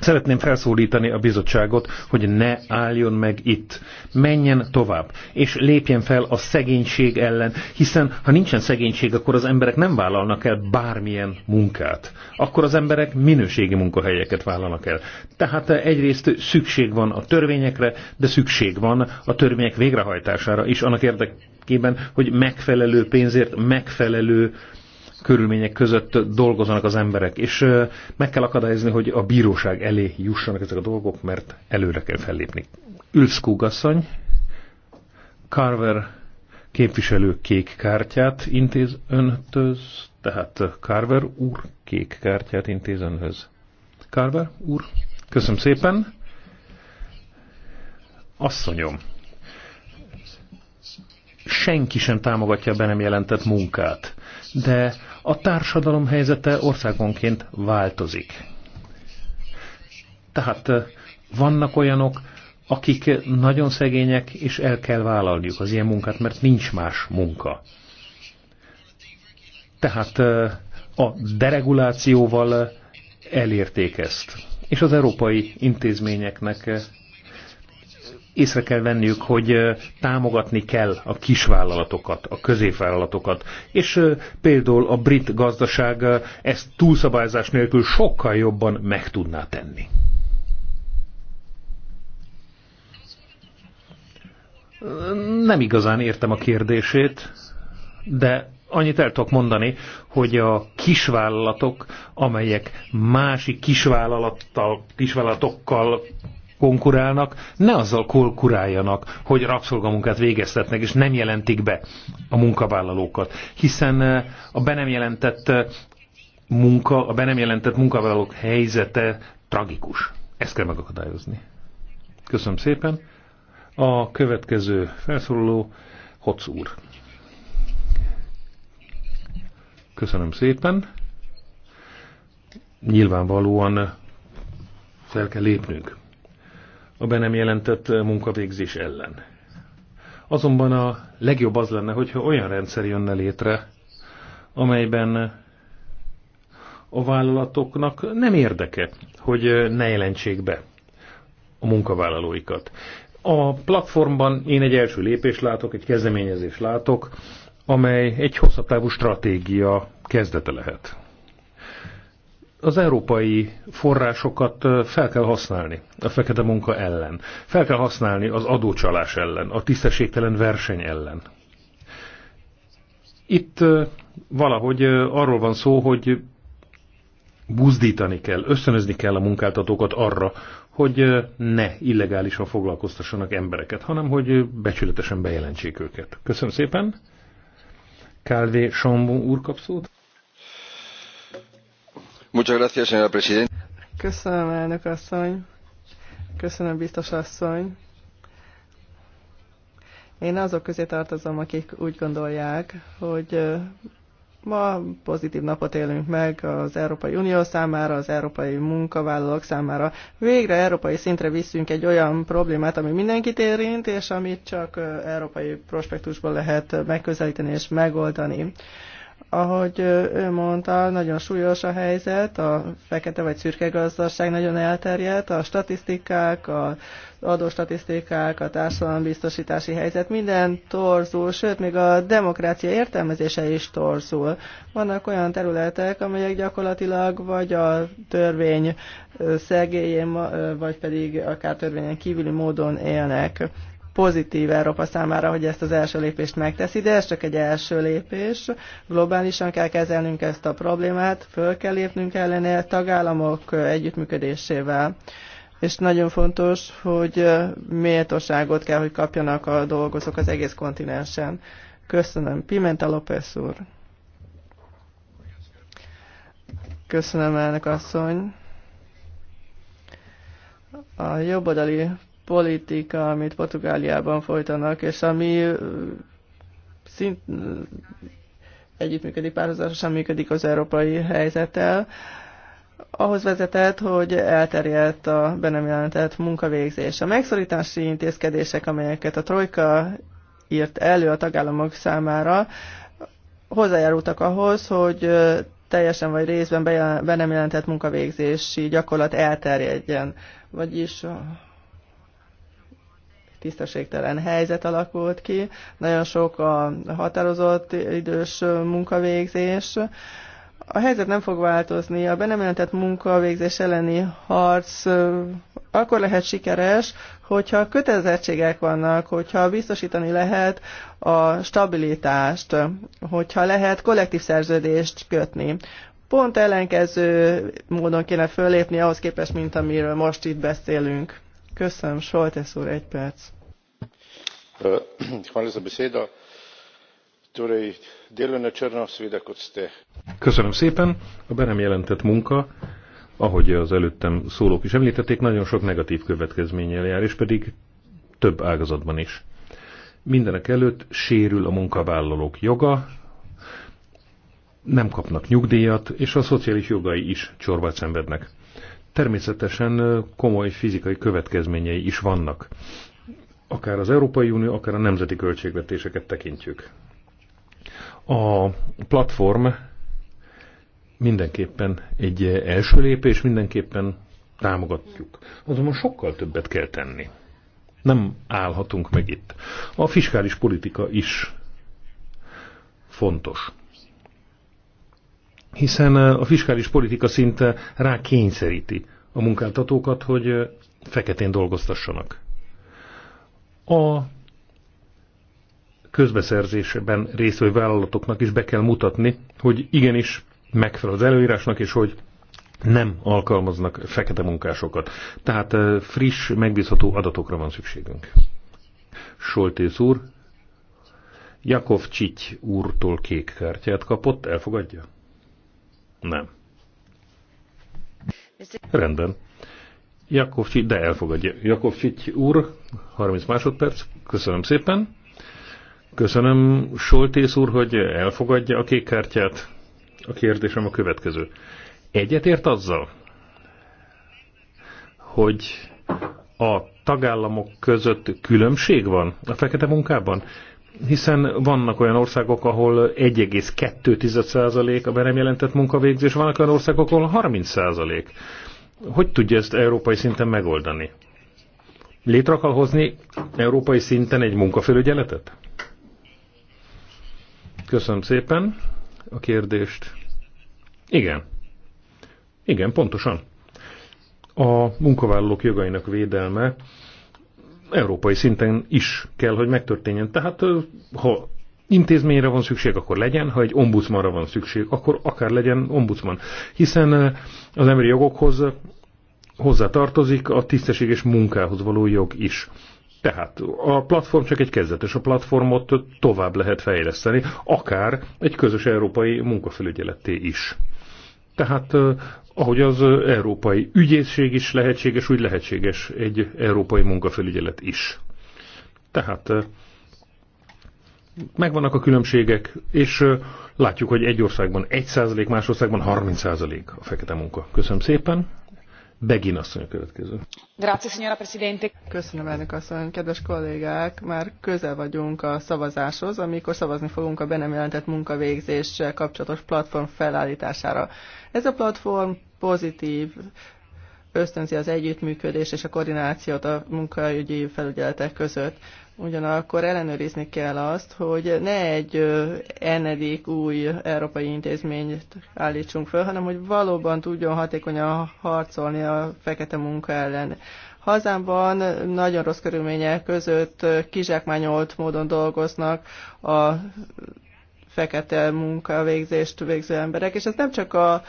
Szeretném felszólítani a bizottságot, hogy ne álljon meg itt. Menjen tovább, és lépjen fel a szegénység ellen, hiszen ha nincsen szegénység, akkor az emberek nem vállalnak el bármilyen munkát. Akkor az emberek minőségi munkahelyeket vállalnak el. Tehát egyrészt szükség van a törvényekre, de szükség van a törvények végrehajtására is, annak érdekében, hogy megfelelő pénzért, megfelelő körülmények között dolgozanak az emberek, és meg kell akadályozni, hogy a bíróság elé jussanak ezek a dolgok, mert előre kell fellépni. Ülszkúg Carver képviselő kék kártyát intéz öntöz, tehát Carver úr kék kártyát intéz önhöz. Carver úr, köszönöm szépen. Asszonyom, senki sem támogatja be nem jelentett munkát. De a társadalom helyzete országonként változik. Tehát eh, vannak olyanok, akik nagyon szegények, és el kell vállalniuk az ilyen munkát, mert nincs más munka. Tehát eh, a deregulációval eh, elérték ezt. És az európai intézményeknek észre kell venniük, hogy támogatni kell a kisvállalatokat, a középvállalatokat. És például a brit gazdaság ezt túlszabályzás nélkül sokkal jobban meg tudná tenni. Nem igazán értem a kérdését, de annyit el tudok mondani, hogy a kisvállalatok, amelyek másik kisvállalattal, kisvállalatokkal konkurálnak, ne azzal konkuráljanak, hogy rabszolgamunkát végeztetnek, és nem jelentik be a munkavállalókat. Hiszen eh, a be nem jelentett eh, munka, a be nem jelentett munkavállalók helyzete tragikus. Ezt kell megakadályozni. Köszönöm szépen. A következő felszóló Hoc úr. Köszönöm szépen. Nyilvánvalóan fel kell lépnünk a be nem jelentett munkavégzés ellen. Azonban a legjobb az lenne, hogyha olyan rendszer jönne létre, amelyben a vállalatoknak nem érdeke, hogy ne jelentsék be a munkavállalóikat. A platformban én egy első lépést látok, egy kezdeményezést látok, amely egy hosszabb távú stratégia kezdete lehet az európai forrásokat fel kell használni a fekete munka ellen. Fel kell használni az adócsalás ellen, a tisztességtelen verseny ellen. Itt valahogy arról van szó, hogy buzdítani kell, összönözni kell a munkáltatókat arra, hogy ne illegálisan foglalkoztassanak embereket, hanem hogy becsületesen bejelentsék őket. Köszönöm szépen. Kálvé Sambon úr señora presidenta. Köszönöm, elnök asszony. Köszönöm, biztos asszony. Én azok közé tartozom, akik úgy gondolják, hogy ma pozitív napot élünk meg az Európai Unió számára, az európai munkavállalók számára. Végre európai szintre viszünk egy olyan problémát, ami mindenkit érint, és amit csak európai prospektusban lehet megközelíteni és megoldani. Ahogy ő mondta, nagyon súlyos a helyzet, a fekete vagy szürke gazdaság nagyon elterjedt, a statisztikák, az adóstatisztikák, a társadalombiztosítási helyzet, minden torzul, sőt, még a demokrácia értelmezése is torzul. Vannak olyan területek, amelyek gyakorlatilag vagy a törvény szegélyén, vagy pedig akár törvényen kívüli módon élnek pozitív Európa számára, hogy ezt az első lépést megteszi, de ez csak egy első lépés. Globálisan kell kezelnünk ezt a problémát, föl kell lépnünk ellene tagállamok együttműködésével. És nagyon fontos, hogy méltóságot kell, hogy kapjanak a dolgozók az egész kontinensen. Köszönöm. Pimenta López úr. Köszönöm, elnök asszony. A jobboldali politika, amit Portugáliában folytanak, és ami szint együttműködik, párhuzamosan működik az európai helyzettel, ahhoz vezetett, hogy elterjedt a be nem jelentett munkavégzés. A megszorítási intézkedések, amelyeket a Trojka írt elő a tagállamok számára, hozzájárultak ahhoz, hogy teljesen vagy részben be nem jelentett munkavégzési gyakorlat elterjedjen. Vagyis tisztességtelen helyzet alakult ki, nagyon sok a határozott idős munkavégzés. A helyzet nem fog változni, a benemelentett munkavégzés elleni harc akkor lehet sikeres, hogyha kötelezettségek vannak, hogyha biztosítani lehet a stabilitást, hogyha lehet kollektív szerződést kötni. Pont ellenkező módon kéne fölépni ahhoz képest, mint amiről most itt beszélünk. Köszönöm, Soltesz úr, egy perc. Hvala za besedo. Torej, delo na črno, seveda kot ste. Köszönöm szépen. A be nem jelentett munka, ahogy az előttem szólók is említették, nagyon sok negatív következménnyel jár, és pedig több ágazatban is. Mindenek előtt sérül a munkavállalók joga, nem kapnak nyugdíjat, és a szociális jogai is csorbát szenvednek természetesen komoly fizikai következményei is vannak. Akár az Európai Unió, akár a nemzeti költségvetéseket tekintjük. A platform mindenképpen egy első lépés, mindenképpen támogatjuk. Azonban sokkal többet kell tenni. Nem állhatunk meg itt. A fiskális politika is fontos hiszen a fiskális politika szinte rá kényszeríti a munkáltatókat, hogy feketén dolgoztassanak. A közbeszerzésben részvevő vállalatoknak is be kell mutatni, hogy igenis megfelel az előírásnak, és hogy nem alkalmaznak fekete munkásokat. Tehát friss, megbízható adatokra van szükségünk. Soltész úr, Jakov Csics úrtól kék kártyát kapott, elfogadja? Nem. Rendben. Jakovcsi, de elfogadja. Jakovcsi úr, 30 másodperc, köszönöm szépen. Köszönöm Soltész úr, hogy elfogadja a kék kártyát. A kérdésem a következő. Egyetért azzal, hogy a tagállamok között különbség van a fekete munkában? hiszen vannak olyan országok, ahol 1,2% a be nem jelentett munkavégzés, vannak olyan országok, ahol 30%. Hogy tudja ezt európai szinten megoldani? Létre akar hozni európai szinten egy munkafelügyeletet? Köszönöm szépen a kérdést. Igen. Igen, pontosan. A munkavállalók jogainak védelme európai szinten is kell, hogy megtörténjen. Tehát ha intézményre van szükség, akkor legyen, ha egy ombudsmanra van szükség, akkor akár legyen ombudsman. Hiszen az emberi jogokhoz hozzátartozik a tisztességes munkához való jog is. Tehát a platform csak egy kezdetes, a platformot tovább lehet fejleszteni, akár egy közös európai munkafelügyeleté is. Tehát ahogy az európai ügyészség is lehetséges, úgy lehetséges egy európai munkafelügyelet is. Tehát megvannak a különbségek, és látjuk, hogy egy országban 1 más országban 30 a fekete munka. Köszönöm szépen! Begin asszony a következő. Grazie, signora Presidente. Köszönöm, elnök asszony. Kedves kollégák, már közel vagyunk a szavazáshoz, amikor szavazni fogunk a be nem jelentett munkavégzéssel kapcsolatos platform felállítására. Ez a platform pozitív, ösztönzi az együttműködést és a koordinációt a munkaügyi felügyeletek között. Ugyanakkor ellenőrizni kell azt, hogy ne egy ennedik új európai intézményt állítsunk föl, hanem hogy valóban tudjon hatékonyan harcolni a fekete munka ellen. Hazámban nagyon rossz körülmények között kizsákmányolt módon dolgoznak a fekete munkavégzést végző emberek, és ez nem csak a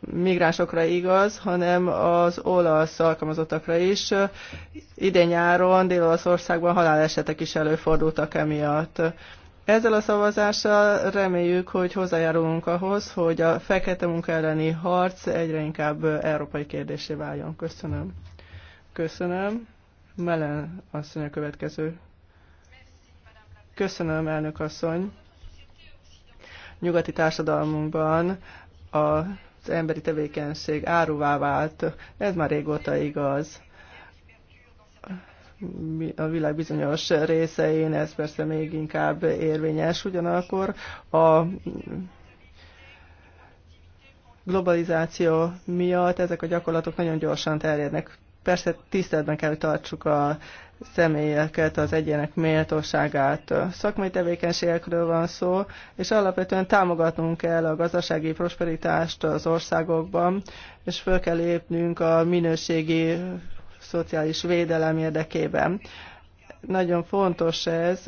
migránsokra igaz, hanem az olasz alkalmazottakra is. Idén nyáron Dél-Olaszországban halálesetek is előfordultak emiatt. Ezzel a szavazással reméljük, hogy hozzájárulunk ahhoz, hogy a fekete munka elleni harc egyre inkább európai kérdésé váljon. Köszönöm. Köszönöm. Melen asszony a következő. Köszönöm, elnök asszony. Nyugati társadalmunkban a az emberi tevékenység áruvá vált. Ez már régóta igaz. A világ bizonyos részein ez persze még inkább érvényes, ugyanakkor a globalizáció miatt ezek a gyakorlatok nagyon gyorsan terjednek. Persze tiszteletben kell, hogy tartsuk a személyeket, az egyének méltóságát. Szakmai tevékenységekről van szó, és alapvetően támogatnunk kell a gazdasági prosperitást az országokban, és föl kell lépnünk a minőségi szociális védelem érdekében. Nagyon fontos ez,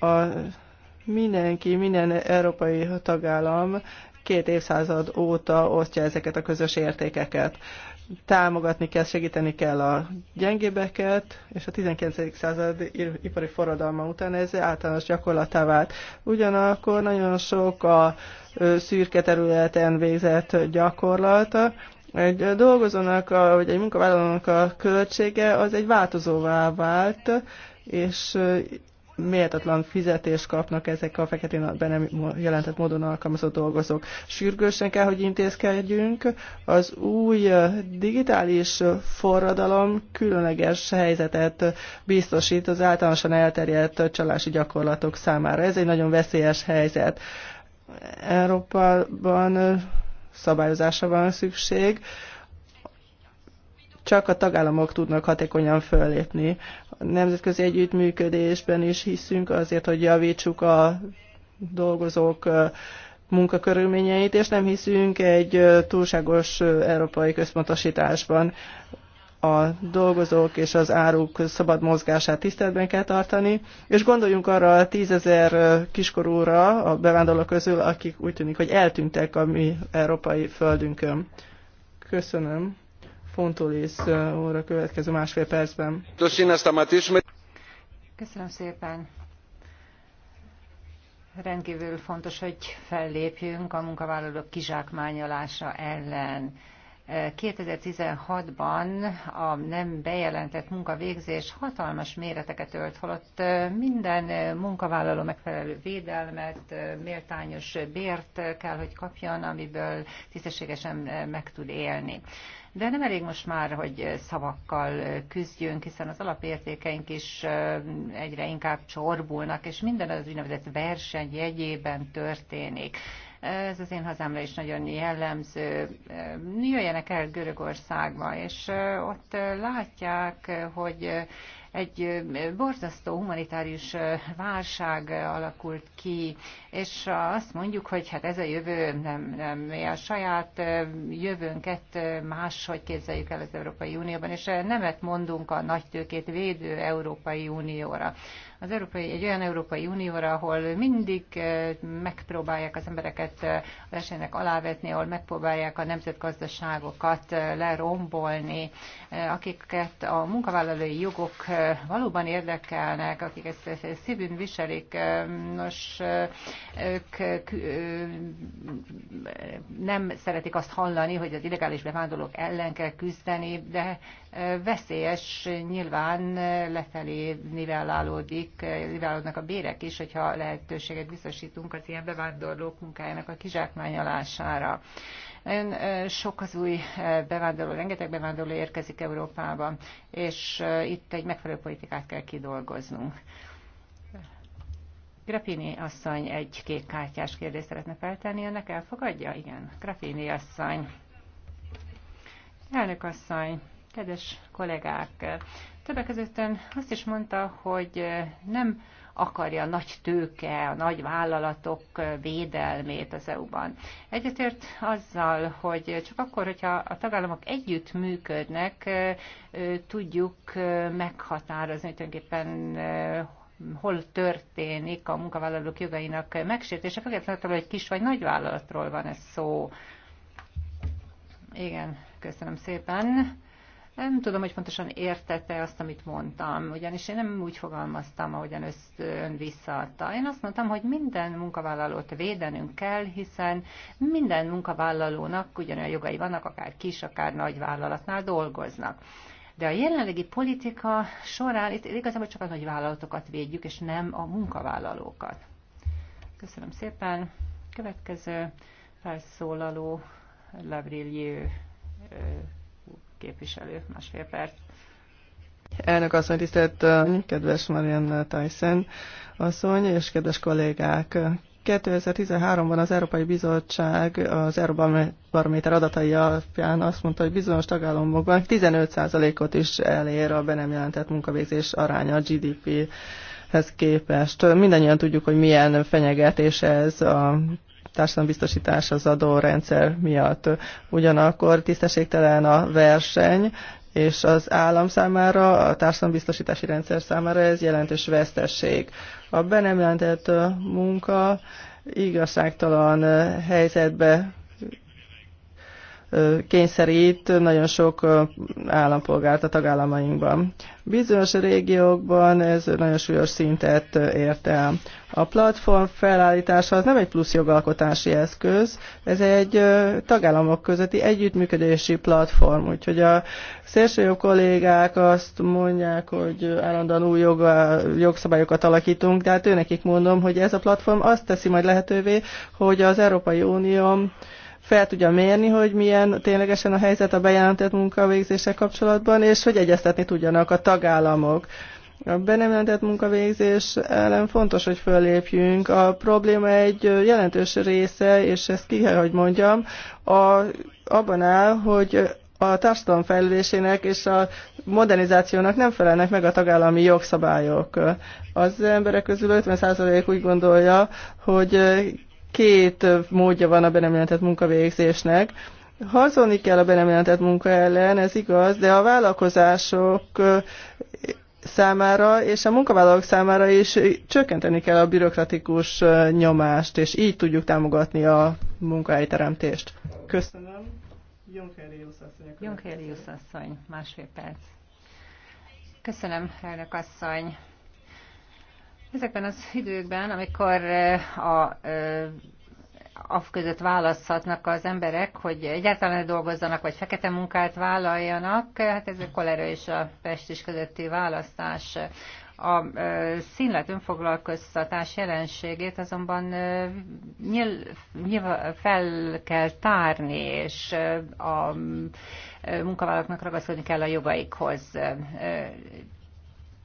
a mindenki, minden európai tagállam két évszázad óta osztja ezeket a közös értékeket támogatni kell, segíteni kell a gyengébeket, és a 19. század ipari forradalma után ez általános gyakorlatá vált. Ugyanakkor nagyon sok a szürke területen végzett gyakorlata, egy dolgozónak, a, vagy egy munkavállalónak a költsége az egy változóvá vált, és méltatlan fizetést kapnak ezek a feketén be nem jelentett módon alkalmazott dolgozók. Sürgősen kell, hogy intézkedjünk. Az új digitális forradalom különleges helyzetet biztosít az általánosan elterjedt csalási gyakorlatok számára. Ez egy nagyon veszélyes helyzet. Európában szabályozásra van szükség csak a tagállamok tudnak hatékonyan föllépni. A nemzetközi együttműködésben is hiszünk azért, hogy javítsuk a dolgozók munkakörülményeit, és nem hiszünk egy túlságos európai központosításban. A dolgozók és az áruk szabad mozgását tiszteletben kell tartani, és gondoljunk arra a tízezer kiskorúra a bevándorlók közül, akik úgy tűnik, hogy eltűntek a mi európai földünkön. Köszönöm. Fontolis úr a következő másfél percben. Köszönöm szépen. Rendkívül fontos, hogy fellépjünk a munkavállalók kizsákmányolása ellen. 2016-ban a nem bejelentett munkavégzés hatalmas méreteket ölt, holott minden munkavállaló megfelelő védelmet, méltányos bért kell, hogy kapjon, amiből tisztességesen meg tud élni. De nem elég most már, hogy szavakkal küzdjünk, hiszen az alapértékeink is egyre inkább csorbulnak, és minden az úgynevezett verseny jegyében történik. Ez az én hazámra is nagyon jellemző. Jöjjenek el Görögországba, és ott látják, hogy egy borzasztó humanitárius válság alakult ki, és azt mondjuk, hogy hát ez a jövő nem, nem a saját jövőnket máshogy képzeljük el az Európai Unióban, és nemet mondunk a nagy tőkét védő Európai Unióra. Az Európai, egy olyan Európai Unióra, ahol mindig megpróbálják az embereket az esélynek alávetni, ahol megpróbálják a nemzetgazdaságokat lerombolni, akiket a munkavállalói jogok valóban érdekelnek, akik ezt szívünk viselik, nos, ők nem szeretik azt hallani, hogy az illegális bevándorlók ellen kell küzdeni, de veszélyes nyilván lefelé nivellálódik, nivellálódnak a bérek is, hogyha lehetőséget biztosítunk az ilyen bevándorlók munkájának a kizsákmányolására. Nagyon sok az új bevándorló, rengeteg bevándorló érkezik Európába, és itt egy megfelelő politikát kell kidolgoznunk. Grafini asszony egy kék kártyás kérdést szeretne feltenni, önnek elfogadja? Igen, Grafini asszony. Elnök asszony, kedves kollégák, többek között azt is mondta, hogy nem akarja a nagy tőke, a nagy vállalatok védelmét az EU-ban. Egyetért azzal, hogy csak akkor, hogyha a tagállamok együtt működnek, tudjuk meghatározni tulajdonképpen, hol történik a munkavállalók jogainak megsértése, függetlenül attól, hogy kis vagy nagy vállalatról van ez szó. Igen, köszönöm szépen. Nem tudom, hogy pontosan értette azt, amit mondtam, ugyanis én nem úgy fogalmaztam, ahogyan ezt ön visszaadta. Én azt mondtam, hogy minden munkavállalót védenünk kell, hiszen minden munkavállalónak ugyanolyan jogai vannak, akár kis, akár nagy vállalatnál dolgoznak. De a jelenlegi politika során itt igazából csak a nagy vállalatokat védjük, és nem a munkavállalókat. Köszönöm szépen. Következő felszólaló Lavrillieu képviselő, másfél perc. Elnök asszony, tisztelt kedves Marian Tyson asszony és kedves kollégák! 2013-ban az Európai Bizottság az Euróbarométer adatai alapján azt mondta, hogy bizonyos tagállamokban 15%-ot is elér a be nem jelentett munkavégzés aránya a GDP-hez képest. Mindannyian tudjuk, hogy milyen fenyegetés ez a társadalombiztosítás az adórendszer miatt. Ugyanakkor tisztességtelen a verseny, és az állam számára, a társadalombiztosítási rendszer számára ez jelentős vesztesség. A be nem jelentett munka igazságtalan helyzetbe kényszerít nagyon sok állampolgárt a tagállamainkban. Bizonyos régiókban ez nagyon súlyos szintet ért el. A platform felállítása az nem egy plusz jogalkotási eszköz, ez egy tagállamok közötti együttműködési platform. Úgyhogy a szélsőjobb kollégák azt mondják, hogy állandóan új joga, jogszabályokat alakítunk, de hát őnekik mondom, hogy ez a platform azt teszi majd lehetővé, hogy az Európai Unió fel tudja mérni, hogy milyen ténylegesen a helyzet a bejelentett munkavégzéssel kapcsolatban, és hogy egyeztetni tudjanak a tagállamok. A be nem jelentett munkavégzés ellen fontos, hogy föllépjünk. A probléma egy jelentős része, és ezt ki kell, hogy mondjam, a, abban áll, hogy a társadalom fejlődésének és a modernizációnak nem felelnek meg a tagállami jogszabályok. Az emberek közül 50% úgy gondolja, hogy Két módja van a benemjelentett munkavégzésnek. Hazolni kell a benemjelentett munka ellen, ez igaz, de a vállalkozások számára és a munkavállalók számára is csökkenteni kell a bürokratikus nyomást, és így tudjuk támogatni a munkahelyteremtést. Köszönöm. Jonkerius asszony. Jonkerius asszony, másfél perc. Köszönöm, elnök asszony. Ezekben az időkben, amikor eh, a eh, af között választhatnak az emberek, hogy egyáltalán ne dolgozzanak, vagy fekete munkát vállaljanak, hát ez a kolera és a is közötti választás. A eh, színlet önfoglalkoztatás jelenségét azonban nyil, nyil, fel kell tárni, és a munkavállalóknak ragaszkodni kell a jogaikhoz.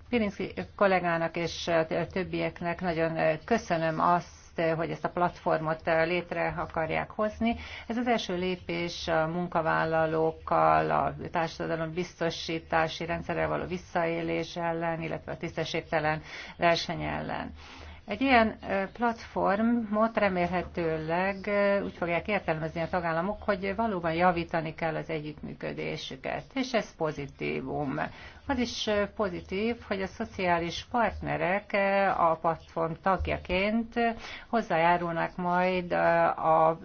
Pirinszki kollégának és a többieknek nagyon köszönöm azt, hogy ezt a platformot létre akarják hozni. Ez az első lépés a munkavállalókkal, a társadalom biztosítási rendszerrel való visszaélés ellen, illetve a tisztességtelen verseny ellen. Egy ilyen platformot remélhetőleg úgy fogják értelmezni a tagállamok, hogy valóban javítani kell az együttműködésüket, és ez pozitívum. Az is pozitív, hogy a szociális partnerek a platform tagjaként hozzájárulnak majd a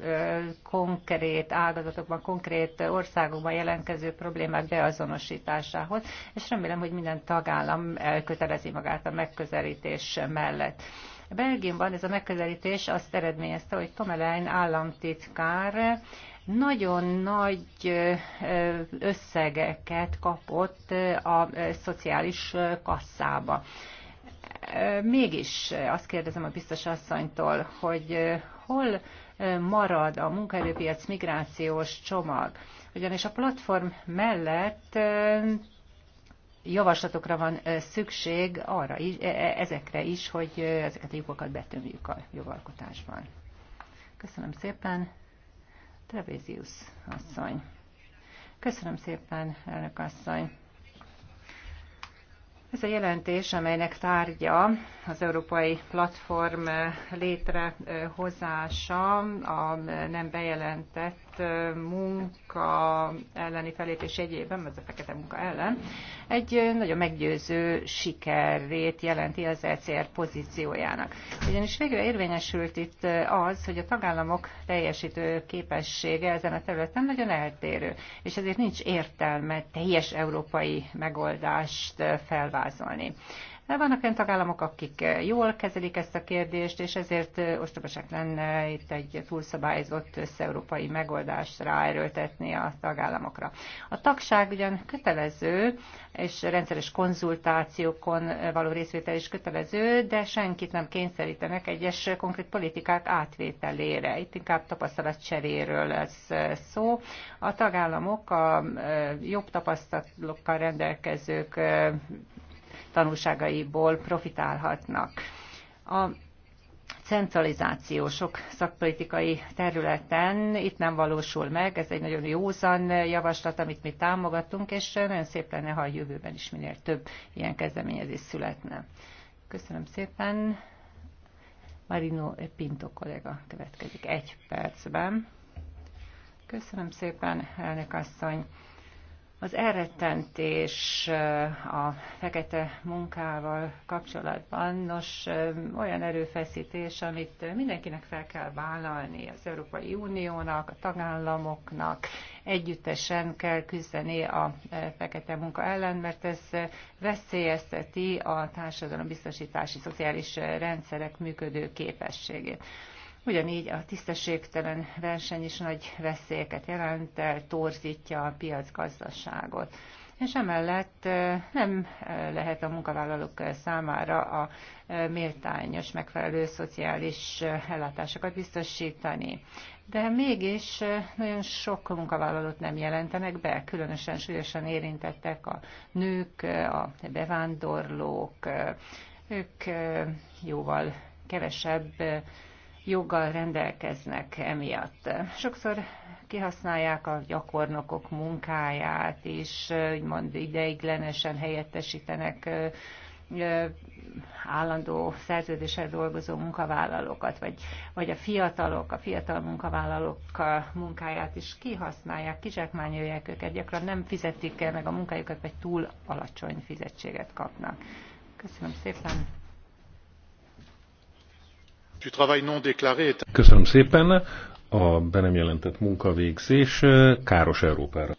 konkrét ágazatokban, konkrét országokban jelentkező problémák beazonosításához, és remélem, hogy minden tagállam elkötelezi magát a megközelítés mellett. Belgiumban ez a megközelítés azt eredményezte, hogy Tomelein államtitkár nagyon nagy összegeket kapott a szociális kasszába. Mégis azt kérdezem a biztos asszonytól, hogy hol marad a munkaerőpiac migrációs csomag? Ugyanis a platform mellett javaslatokra van szükség arra is, e, e, ezekre is, hogy ezeket a lyukokat betömjük a jogalkotásban. Köszönöm szépen. Trevézius asszony. Köszönöm szépen, elnök asszony. Ez a jelentés, amelynek tárgya az Európai Platform létrehozása a nem bejelentett fekete munka elleni felépés egyében, ez a fekete munka ellen, egy nagyon meggyőző sikerét jelenti az ECR pozíciójának. Ugyanis végül érvényesült itt az, hogy a tagállamok teljesítő képessége ezen a területen nagyon eltérő, és ezért nincs értelme teljes európai megoldást felvázolni. Vannak olyan tagállamok, akik eh, jól kezelik ezt a kérdést, és ezért eh, ostobaság lenne itt egy túlszabályozott összeurópai megoldást ráerőltetni a tagállamokra. A tagság ugyan kötelező, és rendszeres konzultációkon eh, való részvétel is kötelező, de senkit nem kényszerítenek egyes konkrét politikák átvételére. Itt inkább tapasztalat cseréről lesz szó. A tagállamok a jobb tapasztalatokkal rendelkezők tanulságaiból profitálhatnak. A centralizáció sok szakpolitikai területen itt nem valósul meg, ez egy nagyon józan javaslat, amit mi támogatunk, és nagyon szép lenne, ha a jövőben is minél több ilyen kezdeményezés születne. Köszönöm szépen. Marino Pinto kollega következik egy percben. Köszönöm szépen, elnök asszony. Az elrettentés eh, a fekete munkával kapcsolatban, nos, eh, olyan erőfeszítés, amit mindenkinek fel kell vállalni, az Európai Uniónak, a tagállamoknak, együttesen kell küzdeni a eh, fekete munka ellen, mert ez veszélyezteti a társadalombiztosítási szociális rendszerek működő képességét. Ugyanígy a tisztességtelen verseny is nagy veszélyeket jelent, torzítja a piacgazdaságot. És emellett nem lehet a munkavállalók számára a méltányos, megfelelő szociális ellátásokat biztosítani. De mégis nagyon sok munkavállalót nem jelentenek be, különösen súlyosan érintettek a nők, a bevándorlók, ők jóval kevesebb joggal rendelkeznek emiatt. Sokszor kihasználják a gyakornokok munkáját is, úgymond ideiglenesen helyettesítenek állandó szerződéssel dolgozó munkavállalókat, vagy, vagy a fiatalok, a fiatal munkavállalók munkáját is kihasználják, kizsákmányolják őket, gyakran nem fizetik meg a munkájukat, vagy túl alacsony fizetséget kapnak. Köszönöm szépen! Köszönöm szépen. A be nem jelentett munkavégzés káros Európára.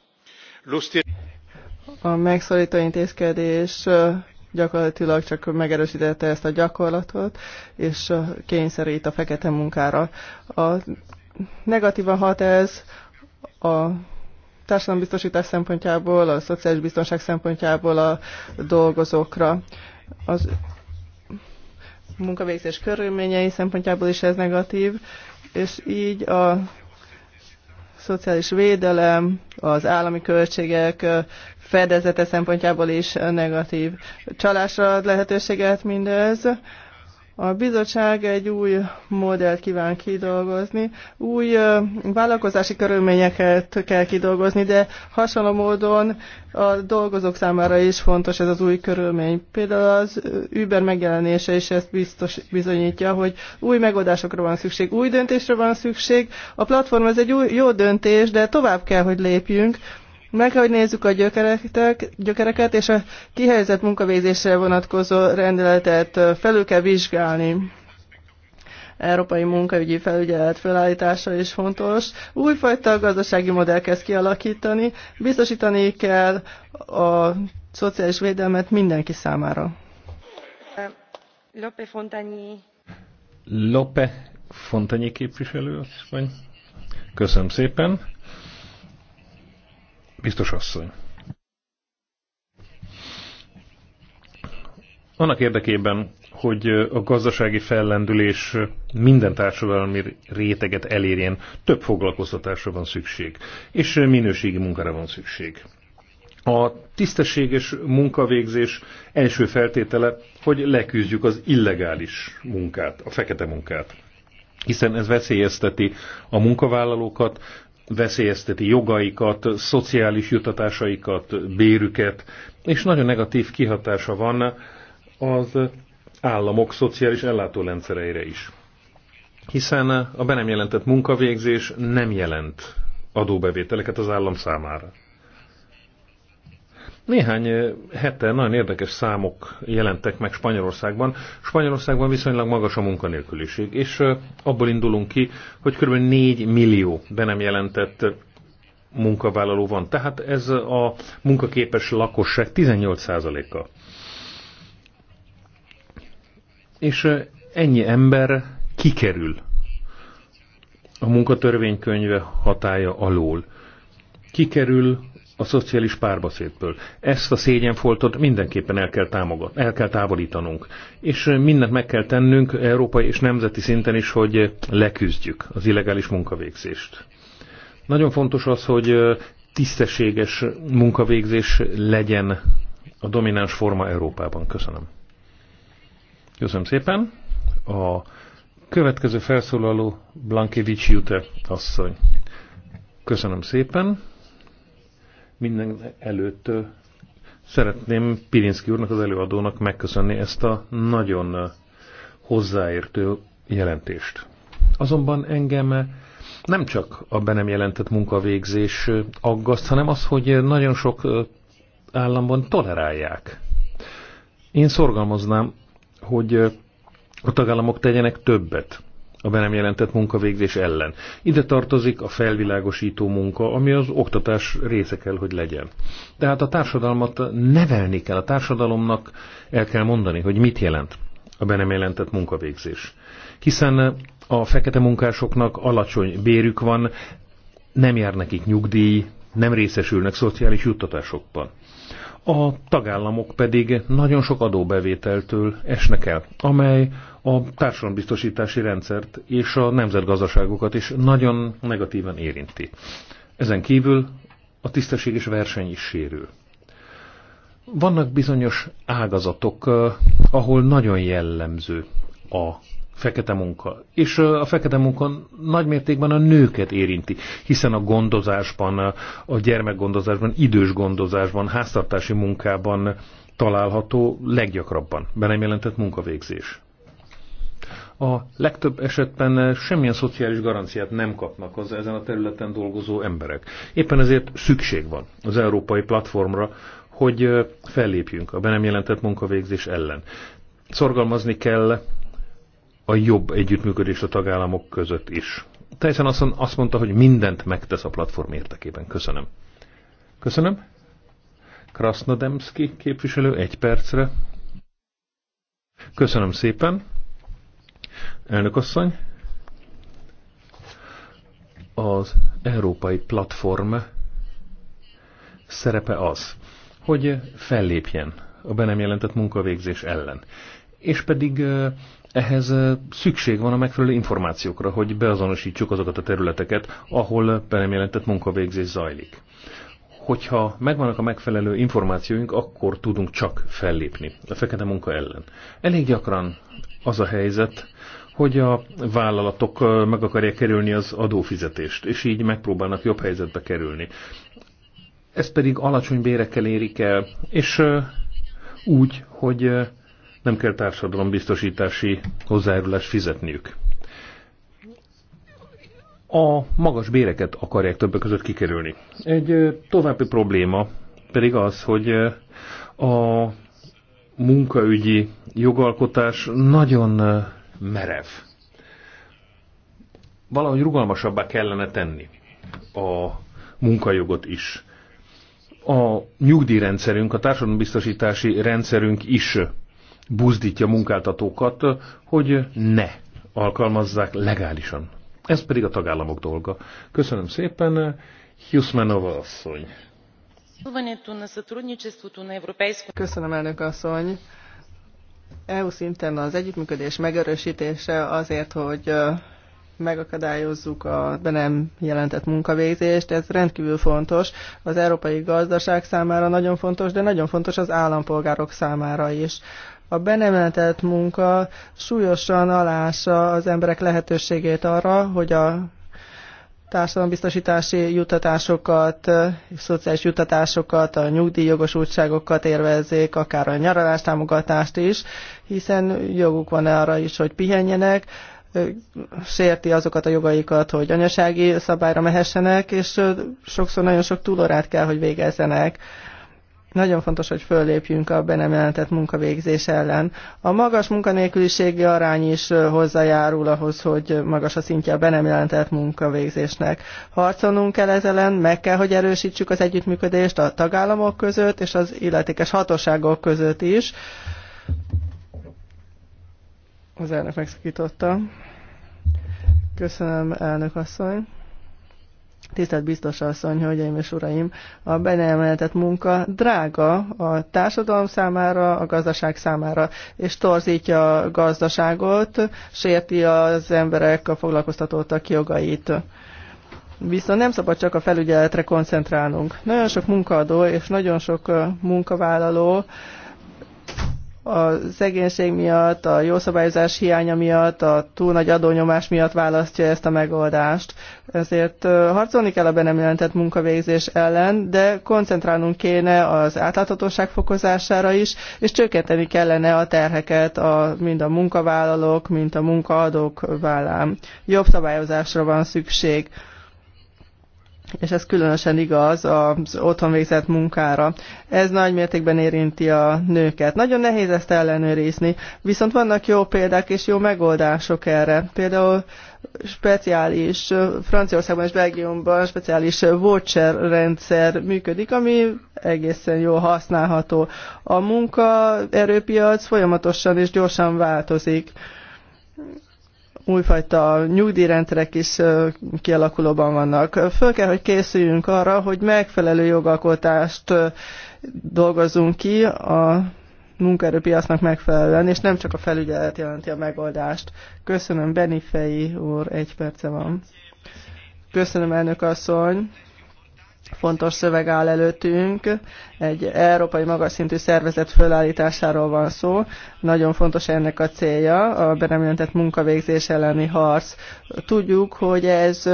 A megszorító intézkedés gyakorlatilag csak megerősítette ezt a gyakorlatot, és kényszerít a fekete munkára. A negatívan hat ez a társadalombiztosítás szempontjából, a szociális biztonság szempontjából a dolgozókra. Az munkavégzés körülményei szempontjából is ez negatív, és így a szociális védelem, az állami költségek fedezete szempontjából is negatív. Csalásra ad lehetőséget mindez, a bizottság egy új modellt kíván kidolgozni, új vállalkozási körülményeket kell kidolgozni, de hasonló módon a dolgozók számára is fontos ez az új körülmény. Például az Uber megjelenése is ezt biztos bizonyítja, hogy új megoldásokra van szükség, új döntésre van szükség. A platform ez egy új, jó döntés, de tovább kell, hogy lépjünk meg kell, hogy nézzük a gyökereket, és a kihelyezett munkavégzésre vonatkozó rendeletet felül kell vizsgálni. Európai munkaügyi felügyelet felállítása is fontos. Újfajta gazdasági modell kezd kialakítani, biztosítani kell a szociális védelmet mindenki számára. Lope Fontanyi. Lope Fontanyi képviselő, vagy? Köszönöm szépen. Biztos asszony. Annak érdekében, hogy a gazdasági fellendülés minden társadalmi réteget elérjen, több foglalkoztatásra van szükség, és minőségi munkára van szükség. A tisztességes munkavégzés első feltétele, hogy leküzdjük az illegális munkát, a fekete munkát hiszen ez veszélyezteti a munkavállalókat, veszélyezteti jogaikat, szociális jutatásaikat, bérüket, és nagyon negatív kihatása van az államok szociális ellátórendszereire is. Hiszen a be nem jelentett munkavégzés nem jelent adóbevételeket az állam számára. Néhány hete nagyon érdekes számok jelentek meg Spanyolországban. Spanyolországban viszonylag magas a munkanélküliség, és abból indulunk ki, hogy kb. 4 millió be nem jelentett munkavállaló van. Tehát ez a munkaképes lakosság 18%-a. És ennyi ember kikerül a munkatörvénykönyve hatája alól. Kikerül a szociális párbeszédből. Ezt a szégyenfoltot mindenképpen el kell, támogat, el kell távolítanunk. És mindent meg kell tennünk európai és nemzeti szinten is, hogy leküzdjük az illegális munkavégzést. Nagyon fontos az, hogy tisztességes munkavégzés legyen a domináns forma Európában. Köszönöm. Köszönöm szépen. A következő felszólaló Blankevics Jute asszony. Köszönöm szépen. Minden előtt szeretném Pirinszki úrnak, az előadónak megköszönni ezt a nagyon hozzáértő jelentést. Azonban engem nem csak a be nem jelentett munkavégzés aggaszt, hanem az, hogy nagyon sok államban tolerálják. Én szorgalmaznám, hogy a tagállamok tegyenek többet a be nem jelentett munkavégzés ellen. Ide tartozik a felvilágosító munka, ami az oktatás része kell, hogy legyen. Tehát a társadalmat nevelni kell, a társadalomnak el kell mondani, hogy mit jelent a be nem jelentett munkavégzés. Hiszen a fekete munkásoknak alacsony bérük van, nem jár nekik nyugdíj, nem részesülnek szociális juttatásokban a tagállamok pedig nagyon sok adóbevételtől esnek el, amely a társadalombiztosítási rendszert és a nemzetgazdaságokat is nagyon negatívan érinti. Ezen kívül a tisztességes verseny is sérül. Vannak bizonyos ágazatok, eh, ahol nagyon jellemző a fekete munka. És a fekete munka nagymértékben a nőket érinti, hiszen a gondozásban, a gyermekgondozásban, idős gondozásban, háztartási munkában található leggyakrabban be nem jelentett munkavégzés. A legtöbb esetben semmilyen szociális garanciát nem kapnak az ezen a területen dolgozó emberek. Éppen ezért szükség van az európai platformra, hogy fellépjünk a be nem jelentett munkavégzés ellen. Szorgalmazni kell a jobb együttműködés a tagállamok között is. Tyson azt mondta, hogy mindent megtesz a platform érdekében. Köszönöm. Köszönöm. Krasnodemski képviselő, egy percre. Köszönöm szépen. Elnök asszony. Az európai platform szerepe az, hogy fellépjen a be nem jelentett munkavégzés ellen. És pedig ehhez szükség van a megfelelő információkra, hogy beazonosítsuk azokat a területeket, ahol be munkavégzés zajlik. Hogyha megvannak a megfelelő információink, akkor tudunk csak fellépni a fekete munka ellen. Elég gyakran az a helyzet, hogy a vállalatok meg akarják kerülni az adófizetést, és így megpróbálnak jobb helyzetbe kerülni. Ez pedig alacsony bérekkel érik el, és úgy, hogy nem kell társadalombiztosítási hozzájárulást fizetniük. A magas béreket akarják többek között kikerülni. Egy további probléma pedig az, hogy a munkaügyi jogalkotás nagyon merev. Valahogy rugalmasabbá kellene tenni a munkajogot is. A nyugdíjrendszerünk, a társadalombiztosítási rendszerünk is buzdítja munkáltatókat, hogy ne alkalmazzák legálisan. Ez pedig a tagállamok dolga. Köszönöm szépen, Huszmanova asszony. Köszönöm, elnök asszony. EU szinten az együttműködés megerősítése azért, hogy megakadályozzuk a be nem jelentett munkavégzést, ez rendkívül fontos. Az európai gazdaság számára nagyon fontos, de nagyon fontos az állampolgárok számára is. A benemeltett munka súlyosan alása az emberek lehetőségét arra, hogy a társadalombiztosítási juttatásokat, szociális juttatásokat, a nyugdíjjogosultságokat érvezzék, akár a nyaralástámogatást is, hiszen joguk van arra is, hogy pihenjenek, sérti azokat a jogaikat, hogy anyasági szabályra mehessenek, és sokszor nagyon sok túlorát kell, hogy végezzenek nagyon fontos, hogy föllépjünk a be nem jelentett munkavégzés ellen. A magas munkanélküliségi arány is hozzájárul ahhoz, hogy magas a szintje a be nem jelentett munkavégzésnek. Harcolnunk kell ez ellen, meg kell, hogy erősítsük az együttműködést a tagállamok között és az illetékes hatóságok között is. Az elnök megszakította. Köszönöm, elnök asszony. Tisztelt biztos asszony, hölgyeim és uraim, a benemeltett munka drága a társadalom számára, a gazdaság számára, és torzítja a gazdaságot, sérti az emberek, a foglalkoztatottak jogait. Viszont nem szabad csak a felügyeletre koncentrálnunk. Nagyon sok munkaadó és nagyon sok munkavállaló a szegénység miatt, a jó szabályozás hiánya miatt, a túl nagy adónyomás miatt választja ezt a megoldást. Ezért harcolni kell a be nem jelentett munkavégzés ellen, de koncentrálnunk kéne az átláthatóság fokozására is, és csökkenteni kellene a terheket a, mind a munkavállalók, mind a munkaadók vállán. Jobb szabályozásra van szükség és ez különösen igaz az otthon végzett munkára. Ez nagy mértékben érinti a nőket. Nagyon nehéz ezt ellenőrizni, viszont vannak jó példák és jó megoldások erre. Például speciális, Franciaországban és Belgiumban speciális voucher rendszer működik, ami egészen jól használható. A munkaerőpiac folyamatosan és gyorsan változik újfajta nyugdíjrendszerek is kialakulóban vannak. Föl kell, hogy készüljünk arra, hogy megfelelő jogalkotást dolgozunk ki a munkaerőpiacnak megfelelően, és nem csak a felügyelet jelenti a megoldást. Köszönöm, Benifei úr, egy perce van. Köszönöm, elnök asszony fontos szöveg áll előttünk. Egy európai magas szintű szervezet fölállításáról van szó. Nagyon fontos ennek a célja, a be munkavégzés elleni harc. Tudjuk, hogy ez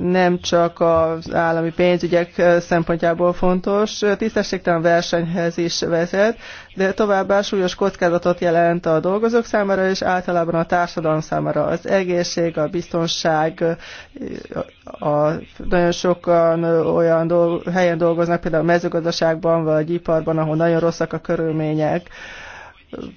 nem csak az állami pénzügyek szempontjából fontos, tisztességtelen versenyhez is vezet, de továbbá súlyos kockázatot jelent a dolgozók számára és általában a társadalom számára. Az egészség, a biztonság, a, nagyon sokan olyan dolg, helyen dolgoznak, például a mezőgazdaságban vagy iparban, ahol nagyon rosszak a körülmények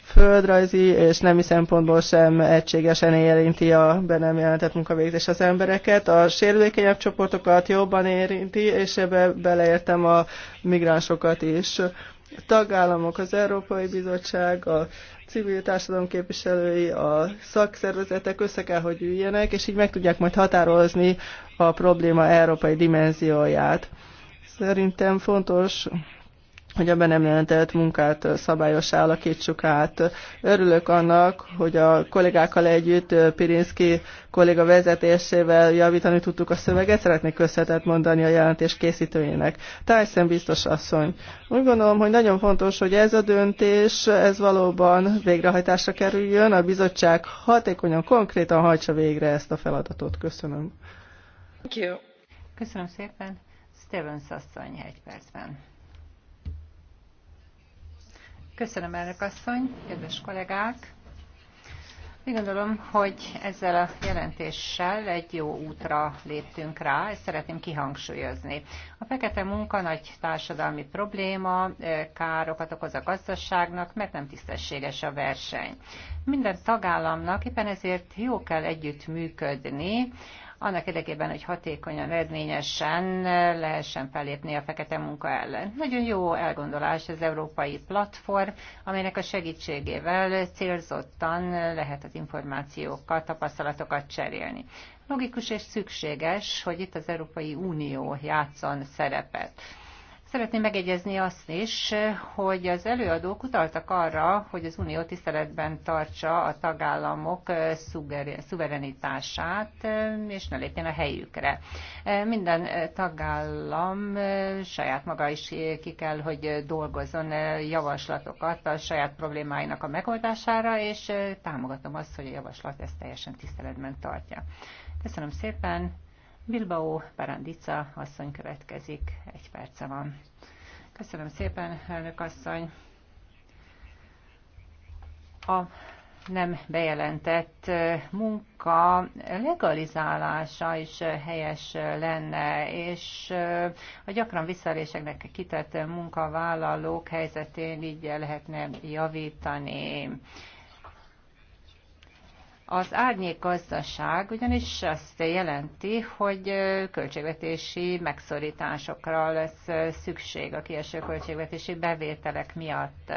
földrajzi és nemi szempontból sem egységesen érinti a be nem jelentett munkavégzés az embereket. A sérülékenyebb csoportokat jobban érinti, és ebbe beleértem a migránsokat is. A tagállamok, az Európai Bizottság, a civil társadalom képviselői, a szakszervezetek össze kell, hogy üljenek, és így meg tudják majd határozni a probléma európai dimenzióját. Szerintem fontos hogy a be nem jelentett munkát szabályosá alakítsuk át. Örülök annak, hogy a kollégákkal együtt Pirinszki kolléga vezetésével javítani tudtuk a szöveget. Szeretnék köszönetet mondani a jelentés készítőjének. Tyson biztos asszony. Úgy gondolom, hogy nagyon fontos, hogy ez a döntés, ez valóban végrehajtásra kerüljön. A bizottság hatékonyan, konkrétan hajtsa végre ezt a feladatot. Köszönöm. Thank you. Köszönöm szépen. Stevens asszony egy percben. Köszönöm, elnök asszony, kedves kollégák! Úgy gondolom, hogy ezzel a jelentéssel egy jó útra léptünk rá, ezt szeretném kihangsúlyozni. A fekete munka nagy társadalmi probléma, károkat okoz a gazdaságnak, mert nem tisztességes a verseny. Minden tagállamnak éppen ezért jó kell együtt működni annak érdekében, hogy hatékonyan, eredményesen lehessen felépni a fekete munka ellen. Nagyon jó elgondolás az európai platform, amelynek a segítségével célzottan lehet az információkat, tapasztalatokat cserélni. Logikus és szükséges, hogy itt az Európai Unió játszon szerepet. Szeretném megegyezni azt is, hogy az előadók utaltak arra, hogy az Unió tiszteletben tartsa a tagállamok szuverenitását, és ne lépjen a helyükre. Minden tagállam saját maga is ki kell, hogy dolgozzon javaslatokat a saját problémáinak a megoldására, és támogatom azt, hogy a javaslat ezt teljesen tiszteletben tartja. Köszönöm szépen! Bilbao Parandica asszony következik, egy perce van. Köszönöm szépen, elnök asszony. A nem bejelentett munka legalizálása is helyes lenne, és a gyakran visszaléseknek kitett munkavállalók helyzetén így lehetne javítani. Az árnyék gazdaság ugyanis azt jelenti, hogy költségvetési megszorításokra lesz szükség a kieső költségvetési bevételek miatt.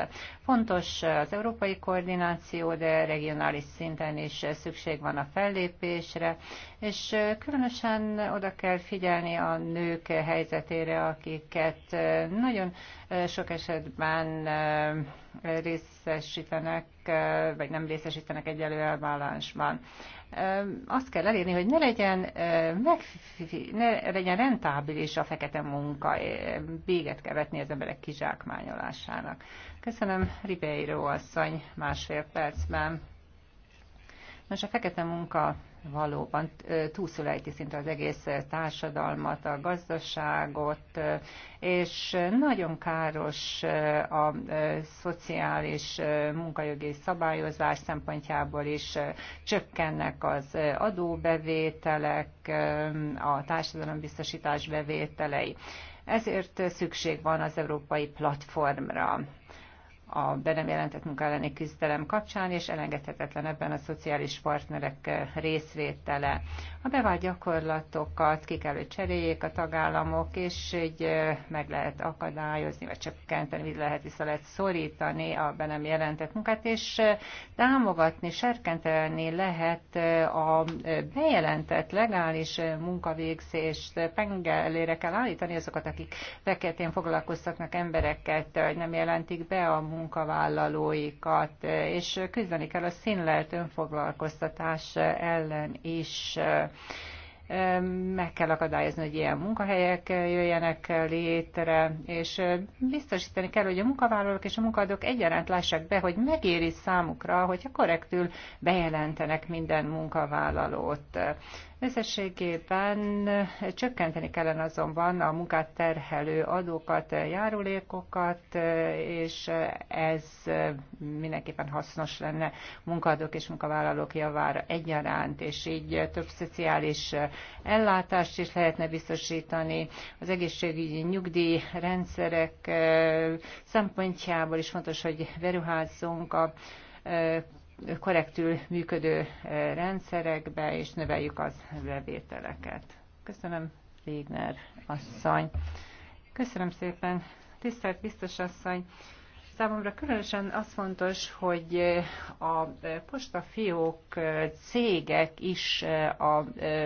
Fontos az európai koordináció, de regionális szinten is szükség van a fellépésre, és különösen oda kell figyelni a nők helyzetére, akiket nagyon sok esetben részesítenek, vagy nem részesítenek egy elvállásban. Azt kell elérni, hogy ne legyen, meg, ne legyen rentábilis a fekete munka, véget kell vetni az emberek kizsákmányolásának. Köszönöm, Ribeiro asszony, másfél percben. Most a fekete munka valóban túlszulejti szinte az egész társadalmat, a gazdaságot, és nagyon káros a szociális munkajogi szabályozás szempontjából is csökkennek az adóbevételek, a társadalombiztosítás bevételei. Ezért szükség van az európai platformra a be nem jelentett munka elleni küzdelem kapcsán, és elengedhetetlen ebben a szociális partnerek részvétele. A bevált gyakorlatokat ki kell, hogy cseréljék a tagállamok, és így meg lehet akadályozni, vagy csökkenteni, így lehet vissza lehet szorítani a be nem jelentett munkát, és támogatni, serkentelni lehet a bejelentett legális munkavégzést, pengelére kell állítani azokat, akik feketén foglalkoztatnak embereket, hogy nem jelentik be a munkavállalóikat, és küzdeni kell a színlelt önfoglalkoztatás ellen is meg kell akadályozni, hogy ilyen munkahelyek jöjjenek létre, és biztosítani kell, hogy a munkavállalók és a munkadók egyaránt lássák be, hogy megéri számukra, hogyha korrektül bejelentenek minden munkavállalót. Összességében csökkenteni kellene azonban a munkát terhelő adókat, járulékokat, és ez mindenképpen hasznos lenne munkadók és munkavállalók javára egyaránt, és így több szociális ellátást is lehetne biztosítani. Az egészségügyi nyugdíj rendszerek eh, szempontjából is fontos, hogy beruházzunk a eh, korrektül működő eh, rendszerekbe, és növeljük az bevételeket. Köszönöm, Régner asszony. Köszönöm szépen, tisztelt biztos asszony. Számomra különösen az fontos, hogy a postafiók cégek is a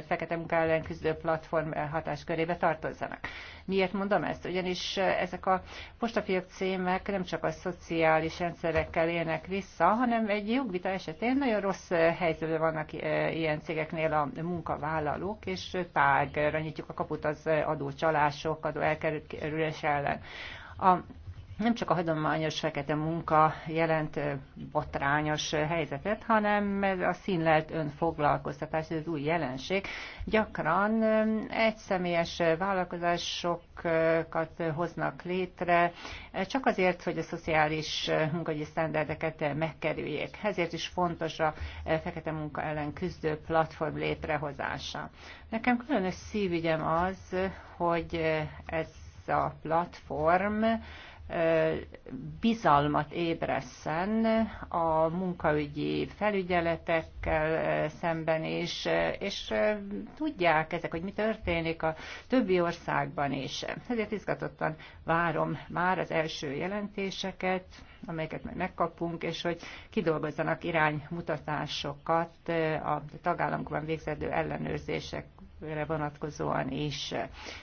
fekete munka ellen küzdő platform hatáskörébe tartozzanak. Miért mondom ezt? Ugyanis ezek a postafiók címek nem csak a szociális rendszerekkel élnek vissza, hanem egy jogvita esetén nagyon rossz helyzetben vannak e, ilyen cégeknél a munkavállalók, és tágra nyitjuk a kaput az adócsalások, adó elkerülés ellen. A nem csak a hagyományos fekete munka jelent botrányos helyzetet, hanem ez a színlelt önfoglalkoztatás, ez az új jelenség. Gyakran egyszemélyes vállalkozásokat hoznak létre, csak azért, hogy a szociális munkagyi sztenderdeket megkerüljék. Ezért is fontos a fekete munka ellen küzdő platform létrehozása. Nekem különös szívügyem az, hogy ez a platform bizalmat ébreszen a munkaügyi felügyeletekkel szemben és és tudják ezek, hogy mi történik a többi országban is. Ezért izgatottan várom már az első jelentéseket, amelyeket majd megkapunk, és hogy kidolgozzanak iránymutatásokat a tagállamokban végzedő ellenőrzések re vonatkozóan is.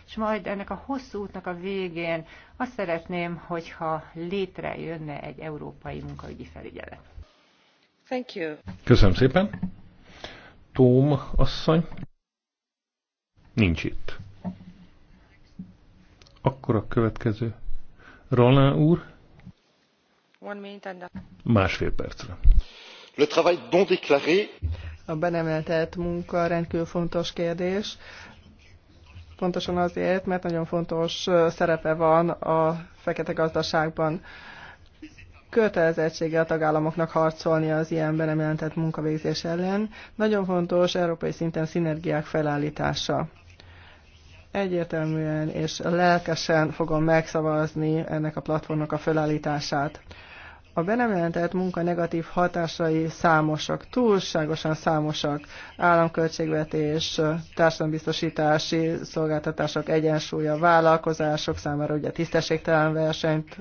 És majd ennek a hosszú útnak a végén azt szeretném, hogyha létrejönne egy európai munkaügyi felügyelet. Thank you. Köszönöm szépen. Tóm asszony nincs itt. Akkor a következő. Roland úr. One minute and a... Másfél percre. Le travail non déclaré a benemeltett munka rendkívül fontos kérdés. Pontosan azért, mert nagyon fontos szerepe van a fekete gazdaságban. Kötelezettsége a tagállamoknak harcolni az ilyen benemeltett munkavégzés ellen. Nagyon fontos európai szinten szinergiák felállítása egyértelműen és lelkesen fogom megszavazni ennek a platformnak a felállítását. A be nem jelentett munka negatív hatásai számosak, túlságosan számosak, államköltségvetés, társadalombiztosítási szolgáltatások egyensúlya, vállalkozások számára ugye tisztességtelen versenyt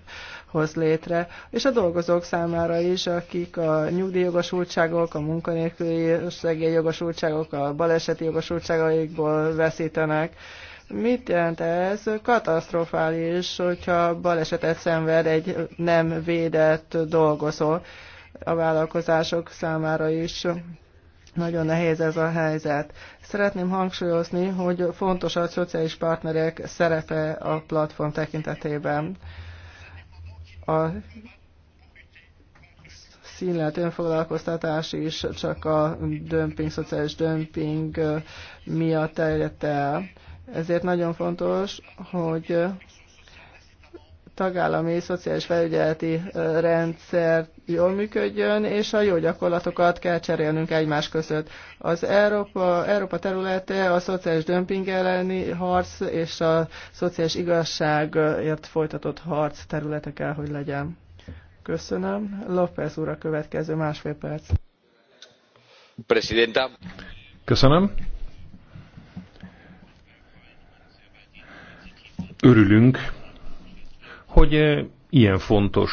hoz létre, és a dolgozók számára is, akik a nyugdíjjogosultságok, a munkanélküli segélyjogosultságok, a baleseti jogosultságaikból veszítenek, Mit jelent ez? Katasztrofális, hogyha balesetet szenved egy nem védett dolgozó a vállalkozások számára is. Nagyon nehéz ez a helyzet. Szeretném hangsúlyozni, hogy fontos a szociális partnerek szerepe a platform tekintetében. A színlet önfoglalkoztatás is csak a dömping, szociális dömping miatt terjedt el. Ezért nagyon fontos, hogy tagállami szociális felügyeleti rendszer jól működjön, és a jó gyakorlatokat kell cserélnünk egymás között. Az Európa, Európa területe a szociális dömping elleni harc és a szociális igazságért folytatott harc területe kell, hogy legyen. Köszönöm. López úr a következő másfél perc. Presidenta. Köszönöm. Örülünk, hogy ilyen fontos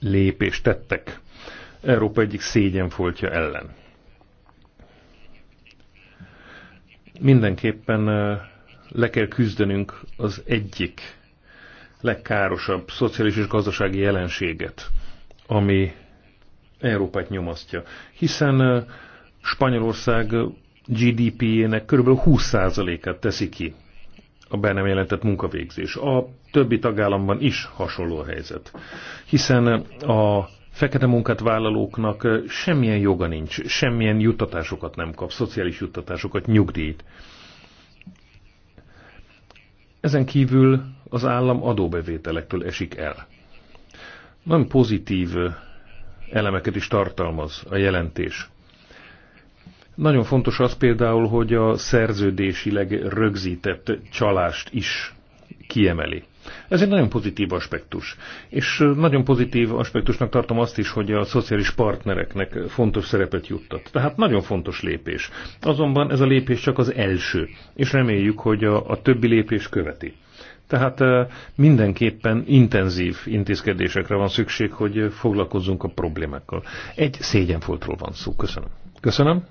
lépést tettek Európa egyik szégyenfoltja ellen. Mindenképpen le kell küzdenünk az egyik legkárosabb szociális és gazdasági jelenséget, ami Európát nyomasztja. Hiszen Spanyolország GDP-jének kb. 20%-át teszi ki a be nem jelentett munkavégzés. A többi tagállamban is hasonló a helyzet. Hiszen a fekete munkát vállalóknak semmilyen joga nincs, semmilyen juttatásokat nem kap, szociális juttatásokat, nyugdíjt. Ezen kívül az állam adóbevételektől esik el. Nagyon pozitív elemeket is tartalmaz a jelentés. Nagyon fontos az például, hogy a szerződésileg rögzített csalást is kiemeli. Ez egy nagyon pozitív aspektus. És nagyon pozitív aspektusnak tartom azt is, hogy a szociális partnereknek fontos szerepet juttat. Tehát nagyon fontos lépés. Azonban ez a lépés csak az első, és reméljük, hogy a, a többi lépés követi. Tehát eh, mindenképpen intenzív intézkedésekre van szükség, hogy foglalkozzunk a problémákkal. Egy szégyenfoltról van szó. Köszönöm. Köszönöm.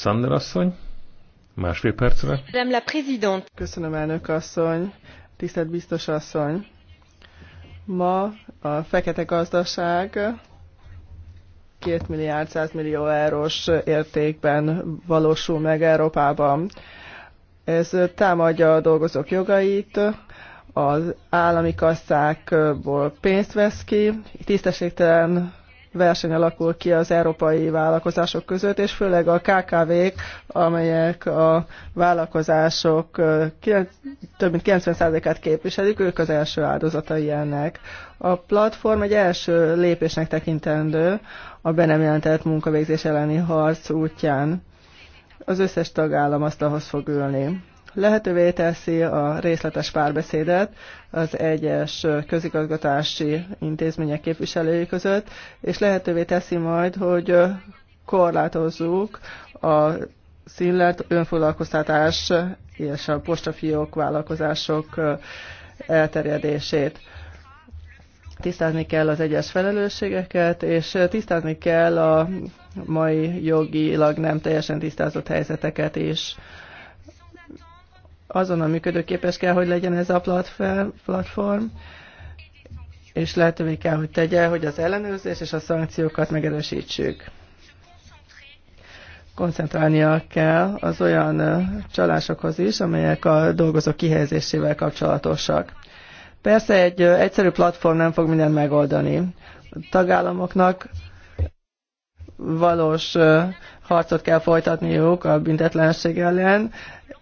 Sander asszony, másfél percre. Madame la Présidente. Köszönöm, elnök asszony, tisztelt biztos asszony. Ma a fekete gazdaság 2 milliárd 100 millió eurós értékben valósul meg Európában. Ez támadja a dolgozók jogait, az állami kasszákból pénzt vesz ki, tisztességtelen verseny alakul ki az európai vállalkozások között, és főleg a KKV-k, amelyek a vállalkozások több mint 90%-át képviselik, ők az első áldozatai ennek. A platform egy első lépésnek tekintendő a be nem jelentett munkavégzés elleni harc útján. Az összes tagállam ahhoz fog ülni lehetővé teszi a részletes párbeszédet az egyes közigazgatási intézmények képviselői között, és lehetővé teszi majd, hogy korlátozzuk a színlet, önfoglalkoztatás és a postafiók vállalkozások elterjedését tisztázni kell az egyes felelősségeket, és tisztázni kell a mai jogilag nem teljesen tisztázott helyzeteket is azonnal működőképes kell, hogy legyen ez a platform, és lehetővé kell, hogy tegye, hogy az ellenőrzés és a szankciókat megerősítsük. Koncentrálnia kell az olyan csalásokhoz is, amelyek a dolgozók kihelyezésével kapcsolatosak. Persze egy egyszerű platform nem fog mindent megoldani. A tagállamoknak valós harcot kell folytatniuk a büntetlenség ellen,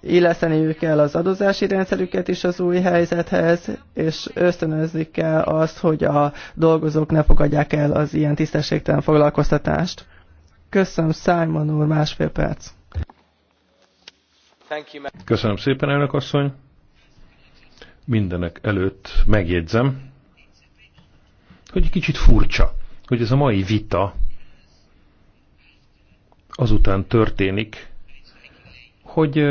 illeszteniük kell az adózási rendszerüket is az új helyzethez, és ösztönözni kell azt, hogy a dolgozók ne fogadják el az ilyen tisztességtelen foglalkoztatást. Köszönöm, Simon úr, másfél perc. Köszönöm szépen, elnök asszony. Mindenek előtt megjegyzem, hogy kicsit furcsa, hogy ez a mai vita azután történik, hogy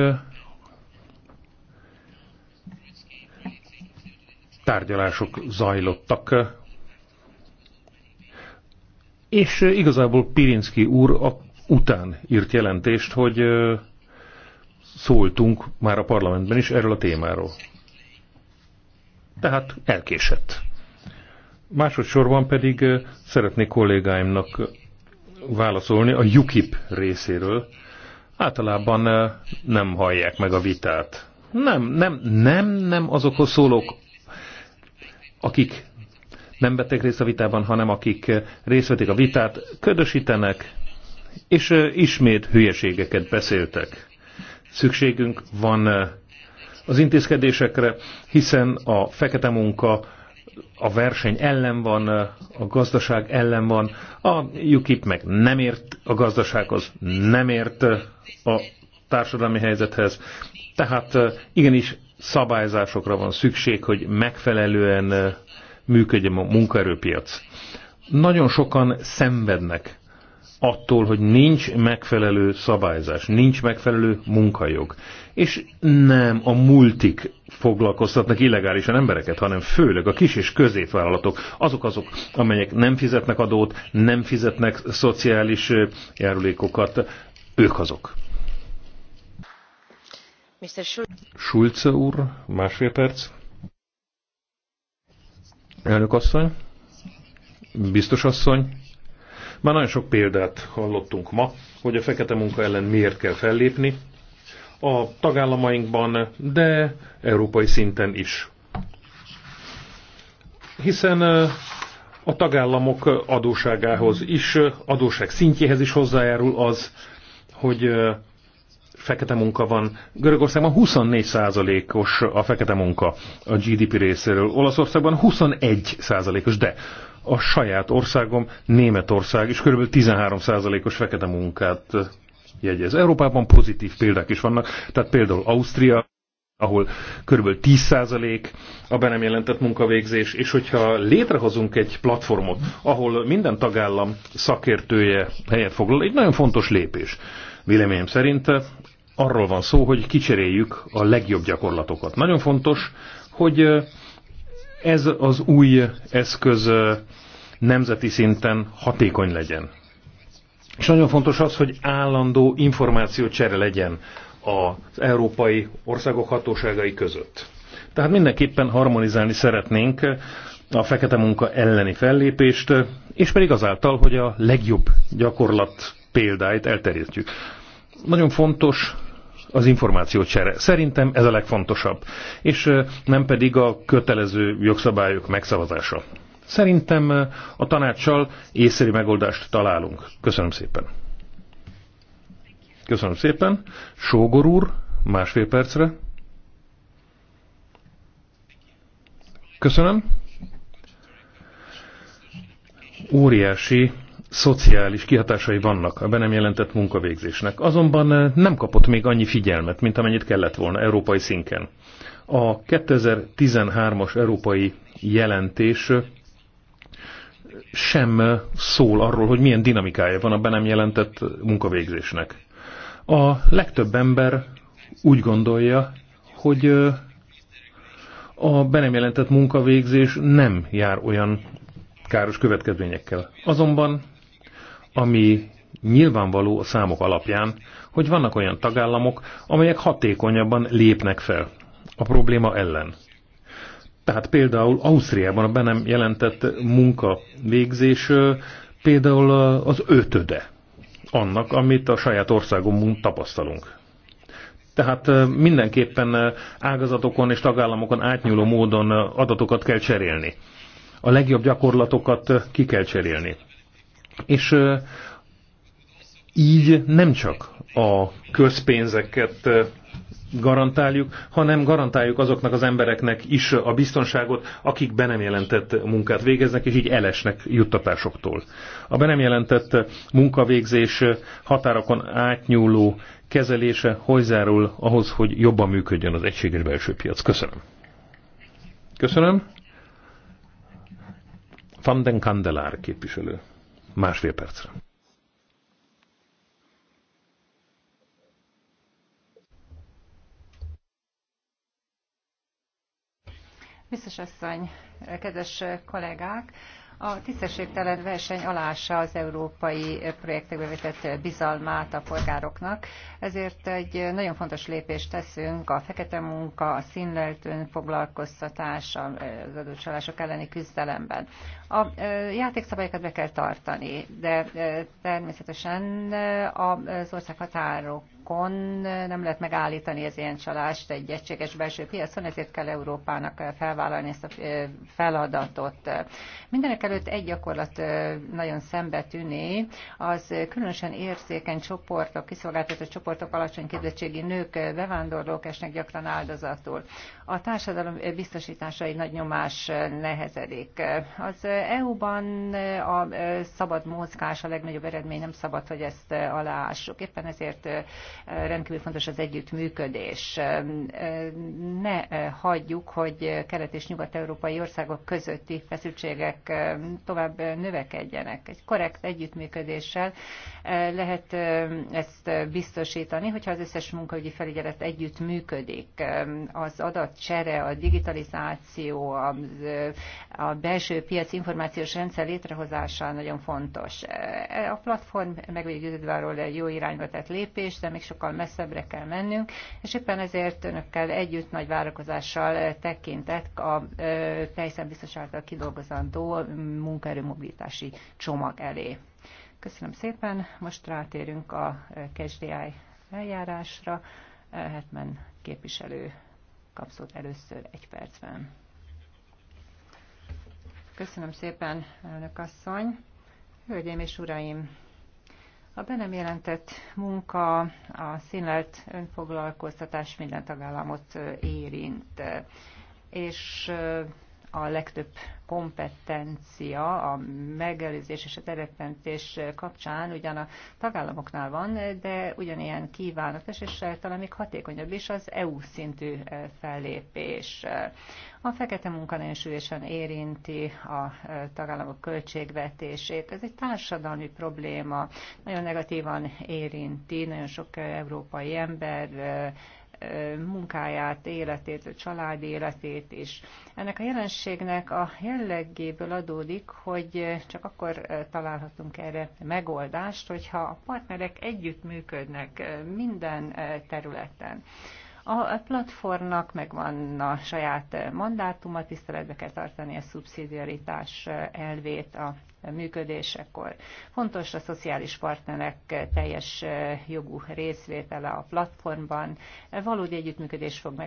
tárgyalások zajlottak, és igazából Pirinski úr a, után írt jelentést, hogy szóltunk már a parlamentben is erről a témáról. Tehát elkésett. Másodszorban pedig szeretnék kollégáimnak válaszolni a UKIP részéről. Általában eh, nem hallják meg a vitát. Nem, nem, nem, nem azokhoz szólok, akik nem vettek részt a vitában, hanem akik eh, részt vették a vitát, ködösítenek, és eh, ismét hülyeségeket beszéltek. Szükségünk van az intézkedésekre, hiszen a fekete munka a verseny ellen van, a gazdaság ellen van, a UKIP meg nem ért a gazdasághoz, nem ért a társadalmi helyzethez. Tehát igenis szabályzásokra van szükség, hogy megfelelően működjön a munkaerőpiac. Nagyon sokan szenvednek attól, hogy nincs megfelelő szabályzás, nincs megfelelő munkajog. És nem a multik foglalkoztatnak illegálisan embereket, hanem főleg a kis és középvállalatok. Azok azok, amelyek nem fizetnek adót, nem fizetnek szociális járulékokat, ők azok. Mr. Schulze úr, másfél perc. Elnök asszony, biztos asszony, már nagyon sok példát hallottunk ma, hogy a fekete munka ellen miért kell fellépni, a tagállamainkban, de európai szinten is. Hiszen eh, a tagállamok adóságához is, eh, adóság szintjéhez is hozzájárul az, hogy eh, fekete munka van. Görögországban 24%-os a fekete munka a GDP részéről, Olaszországban 21%-os, de a saját országom, Németország is kb. 13%-os fekete munkát jegyez. Európában pozitív példák is vannak, tehát például Ausztria, ahol kb. 10% a be nem jelentett munkavégzés, és hogyha létrehozunk egy platformot, ahol minden tagállam szakértője helyet foglal, egy nagyon fontos lépés. Véleményem szerint arról van szó, hogy kicseréljük a legjobb gyakorlatokat. Nagyon fontos, hogy ez az új eszköz nemzeti szinten hatékony legyen. És nagyon fontos az, hogy állandó információcsere legyen az európai országok hatóságai között. Tehát mindenképpen harmonizálni szeretnénk a fekete munka elleni fellépést, és pedig azáltal, hogy a legjobb gyakorlat példáit elterjesztjük. Nagyon fontos az információcsere. Szerintem ez a legfontosabb, és nem pedig a kötelező jogszabályok megszavazása. Szerintem a tanácssal észszerű megoldást találunk. Köszönöm szépen. Köszönöm szépen. Sógor úr, másfél percre. Köszönöm. Óriási szociális kihatásai vannak a be nem jelentett munkavégzésnek, azonban eh, nem kapott még annyi figyelmet, mint amennyit kellett volna európai szinten. A 2013-as európai jelentés eh, sem eh, szól arról, hogy milyen dinamikája van a be nem jelentett munkavégzésnek. A legtöbb ember úgy gondolja, hogy a be nem jelentett munkavégzés nem jár olyan káros következményekkel. Azonban ami nyilvánvaló a számok alapján, hogy vannak olyan tagállamok, amelyek hatékonyabban lépnek fel a probléma ellen. Tehát például Ausztriában a be nem jelentett munkavégzés például az ötöde annak, amit a saját országunkban tapasztalunk. Tehát mindenképpen ágazatokon és tagállamokon átnyúló módon adatokat kell cserélni. A legjobb gyakorlatokat ki kell cserélni. És így nem csak a közpénzeket garantáljuk, hanem garantáljuk azoknak az embereknek is a biztonságot, akik be nem jelentett munkát végeznek, és így elesnek juttatásoktól. A be nem jelentett munkavégzés határokon átnyúló kezelése hozzárul ahhoz, hogy jobban működjön az egységes belső piac. Köszönöm. Köszönöm. Van den Kandelár képviselő másfél percre. Biztos asszony, kedves kollégák! A tisztességtelen verseny alása az európai projektekbe vetett bizalmát a polgároknak, ezért egy nagyon fontos lépést teszünk a fekete munka, a színlelt foglalkoztatás, az adócsalások elleni küzdelemben. A játékszabályokat be kell tartani, de természetesen az ország határok piacokon nem lehet megállítani az ilyen csalást egy egységes belső piacon, ezért kell Európának felvállalni ezt a feladatot. Mindenek előtt egy gyakorlat nagyon szembe tűné, az különösen érzékeny csoportok, kiszolgáltatott csoportok, alacsony képzettségi nők, bevándorlók esnek gyakran áldozatul. A társadalom biztosításai nagy nyomás nehezedik. Az EU-ban a szabad mozgás a legnagyobb eredmény, nem szabad, hogy ezt aláássuk. Éppen ezért rendkívül fontos az együttműködés. Ne hagyjuk, hogy kelet- és nyugat-európai országok közötti feszültségek tovább növekedjenek. Egy korrekt együttműködéssel lehet ezt biztosítani, hogyha az összes munkaügyi felügyelet együttműködik. Az adatcsere, a digitalizáció, a, belső piac információs rendszer létrehozása nagyon fontos. A platform meg arról egy jó irányba tett lépés, de még sokkal messzebbre kell mennünk, és éppen ezért önökkel együtt nagy várakozással tekintett a Tejszen biztos által kidolgozandó munkaerőmobilitási csomag elé. Köszönöm szépen, most rátérünk a KSDI eljárásra. Hetmen képviselő kapszott először egy percben. Köszönöm szépen, elnök asszony. Hölgyeim és uraim, a be nem jelentett munka, a színlelt önfoglalkoztatás minden tagállamot érint, és a legtöbb kompetencia a megelőzés és a terepmentés kapcsán ugyan a tagállamoknál van, de ugyanilyen kívánatos, és talán még hatékonyabb is az EU szintű fellépés. A fekete munkanélsülésen érinti a tagállamok költségvetését. Ez egy társadalmi probléma, nagyon negatívan érinti, nagyon sok európai ember munkáját, életét, a család életét is. Ennek a jelenségnek a jellegéből adódik, hogy csak akkor találhatunk erre megoldást, hogyha a partnerek együttműködnek minden területen. A platformnak megvan a saját mandátuma, tiszteletbe kell tartani a szubszidiaritás elvét a működésekor. Fontos a szociális partnerek teljes jogú részvétele a platformban. Valódi együttműködés fog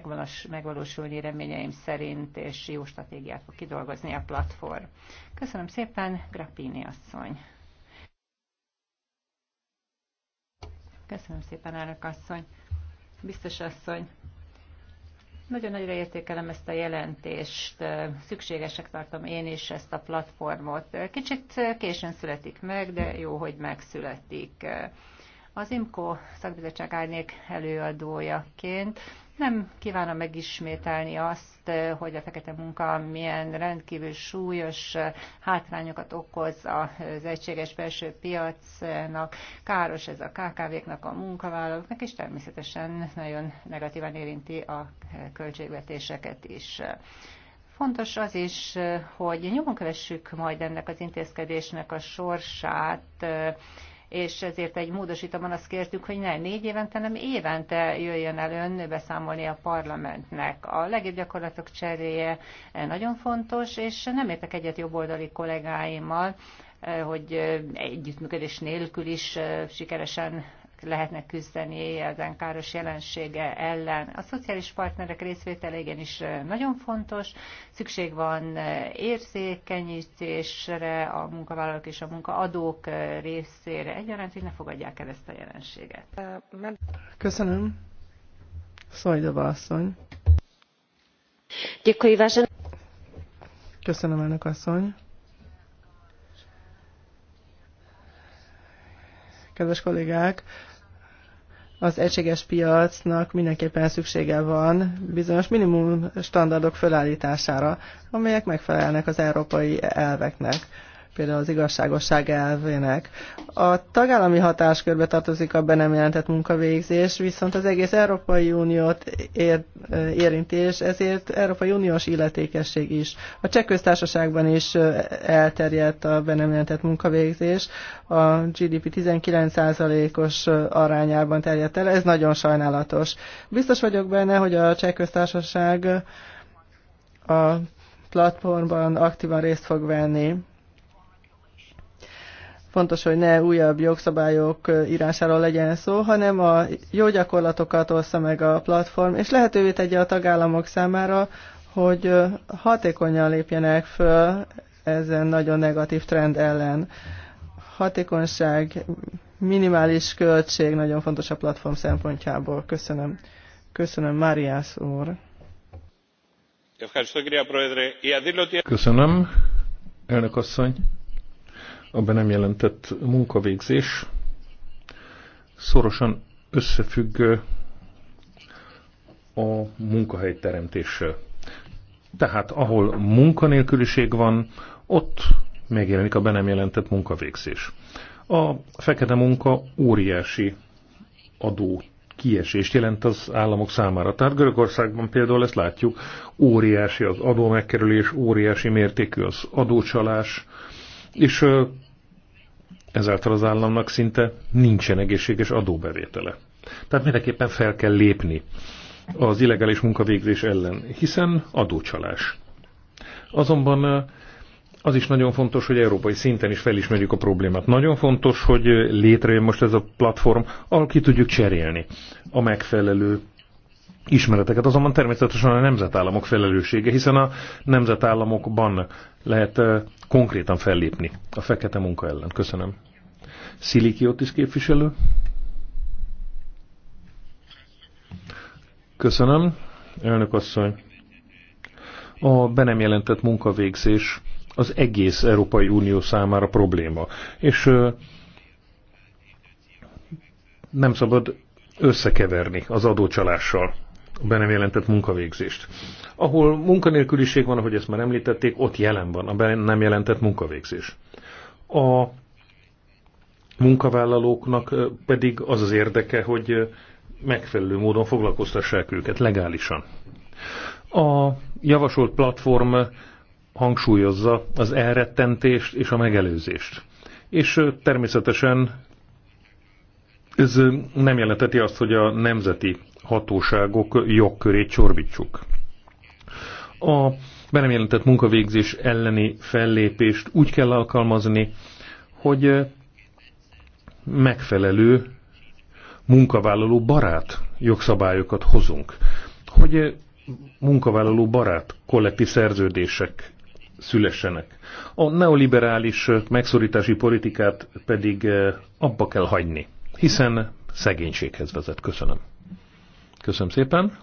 megvalósulni reményeim szerint, és jó stratégiát fog kidolgozni a platform. Köszönöm szépen, Grappini asszony! Köszönöm szépen, Árak asszony! Biztos asszony, nagyon nagyra értékelem ezt a jelentést, szükségesek tartom én is ezt a platformot. Kicsit későn születik meg, de jó, hogy megszületik. Az IMCO szakbizottság árnyék előadójaként nem kívánom megismételni azt, hogy a fekete munka milyen rendkívül súlyos hátrányokat okoz az egységes belső piacnak, káros ez a KKV-knak, a munkavállalóknak, és természetesen nagyon negatívan érinti a költségvetéseket is. Fontos az is, hogy nyomon kövessük majd ennek az intézkedésnek a sorsát, és ezért egy módosítóban azt kértük, hogy ne négy évente, hanem évente jöjjön el ön beszámolni a parlamentnek. A legjobb gyakorlatok cseréje nagyon fontos, és nem értek egyet jobboldali kollégáimmal, hogy együttműködés nélkül is sikeresen lehetne küzdeni ezen káros jelensége ellen. A szociális partnerek részvétele igenis nagyon fontos, szükség van érzékenyítésre a munkavállalók és a munkaadók részére egyaránt, hogy ne fogadják el ezt a jelenséget. Köszönöm. Szajdova asszony. Köszönöm, elnök asszony. kedves kollégák, az egységes piacnak mindenképpen szüksége van bizonyos minimum standardok felállítására, amelyek megfelelnek az európai elveknek például az igazságosság elvének. A tagállami hatáskörbe tartozik a be nem jelentett munkavégzés, viszont az egész Európai Uniót ér, eh, érintés, ezért Európai Uniós illetékesség is. A cseh köztársaságban is eh, elterjedt a be nem jelentett munkavégzés, a GDP 19%-os eh, arányában terjedt el, ez nagyon sajnálatos. Biztos vagyok benne, hogy a cseh köztársaság a platformban aktívan részt fog venni fontos, hogy ne újabb jogszabályok írásáról legyen szó, hanem a jó gyakorlatokat ossza meg a platform, és lehetővé tegye a tagállamok számára, hogy hatékonyan lépjenek föl ezen nagyon negatív trend ellen. Hatékonyság, minimális költség nagyon fontos a platform szempontjából. Köszönöm. Köszönöm, Máriász úr. Köszönöm, elnök asszony be nem jelentett munkavégzés szorosan összefügg a munkahelyteremtéssel. Tehát ahol munkanélküliség van, ott megjelenik a be nem jelentett munkavégzés. A fekete munka óriási adó kiesést jelent az államok számára. Tehát Görögországban például ezt látjuk, óriási az adó megkerülés, óriási mértékű az adócsalás, és ezáltal az államnak szinte nincsen egészséges adóbevétele. Tehát mindenképpen fel kell lépni az illegális munkavégzés ellen, hiszen adócsalás. Azonban az is nagyon fontos, hogy európai szinten is felismerjük a problémát. Nagyon fontos, hogy létrejön most ez a platform, ahol ki tudjuk cserélni a megfelelő ismereteket, azonban természetesen a nemzetállamok felelőssége, hiszen a nemzetállamokban lehet konkrétan fellépni a fekete munka ellen. Köszönöm. Szilikiotis képviselő. Köszönöm, elnök asszony. A be nem jelentett munkavégzés az egész Európai Unió számára probléma. És nem szabad összekeverni az adócsalással a be nem jelentett munkavégzést. Ahol munkanélküliség van, ahogy ezt már említették, ott jelen van a be nem jelentett munkavégzés. A munkavállalóknak pedig az az érdeke, hogy megfelelő módon foglalkoztassák őket legálisan. A javasolt platform hangsúlyozza az elrettentést és a megelőzést. És természetesen ez nem jelenteti azt, hogy a nemzeti hatóságok jogkörét csorbítsuk. A be nem jelentett munkavégzés elleni fellépést úgy kell alkalmazni, hogy megfelelő munkavállaló barát jogszabályokat hozunk, hogy munkavállaló barát kollektív szerződések szülessenek. A neoliberális megszorítási politikát pedig abba kell hagyni hiszen szegénységhez vezet. Köszönöm. Köszönöm szépen.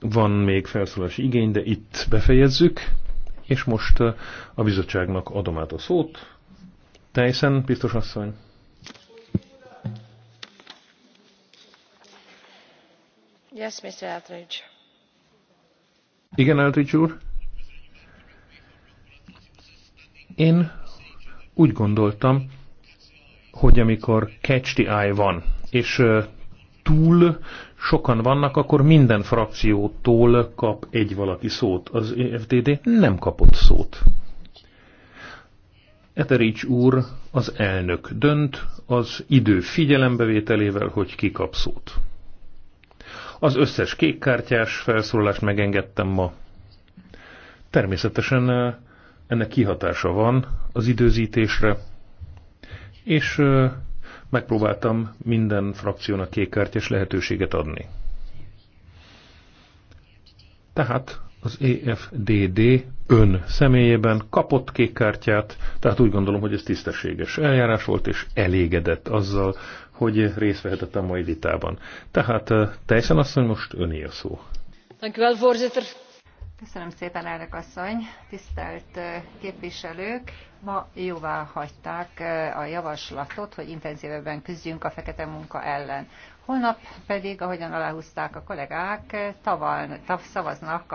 Van még felszólási igény, de itt befejezzük, és most uh, a bizottságnak adom át a szót. Teljesen, biztos asszony. Yes, Mr. Eldridge. Igen, Eldridge úr. Én úgy gondoltam, hogy amikor catch the eye van, és túl sokan vannak, akkor minden frakciótól kap egy valaki szót. Az FDD nem kapott szót. Eterics úr, az elnök dönt az idő figyelembevételével, hogy ki kap szót. Az összes kékkártyás felszólalást megengedtem ma. Természetesen ennek kihatása van az időzítésre, és megpróbáltam minden frakciónak kékkártyás lehetőséget adni. Tehát az EFDD ön személyében kapott kékkártyát, tehát úgy gondolom, hogy ez tisztességes eljárás volt, és elégedett azzal, hogy részt vehetett a mai vitában. Tehát teljesen azt, mondom, most öné a szó. Dank u wel, voorzitter. Köszönöm szépen, elnök asszony. Tisztelt képviselők, ma jóvá hagyták a javaslatot, hogy intenzívebben küzdjünk a fekete munka ellen. Holnap pedig, ahogyan aláhúzták a kollégák, tavan, tav, szavaznak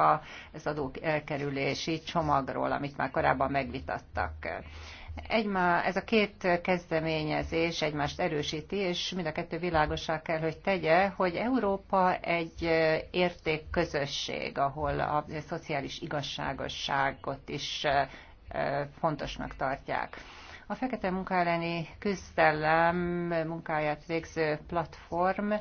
az adók elkerülési csomagról, amit már korábban megvitattak egymá, ez a két kezdeményezés egymást erősíti, és mind a kettő világosá kell, hogy tegye, hogy Európa egy értékközösség, ahol a szociális igazságosságot is fontosnak tartják. A fekete munka elleni küzdelem munkáját végző platform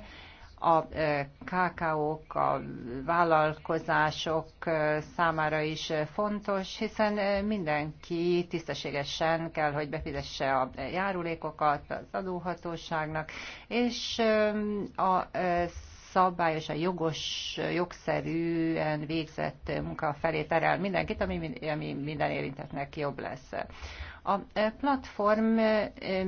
a eh, KKO-k, a vállalkozások eh, számára is eh, fontos, hiszen mindenki tisztességesen kell, hogy befizesse a járulékokat az adóhatóságnak, és a szabályos, a jogos, jogszerűen végzett munka felé terel mindenkit, ami, ami minden érintetnek jobb lesz. A platform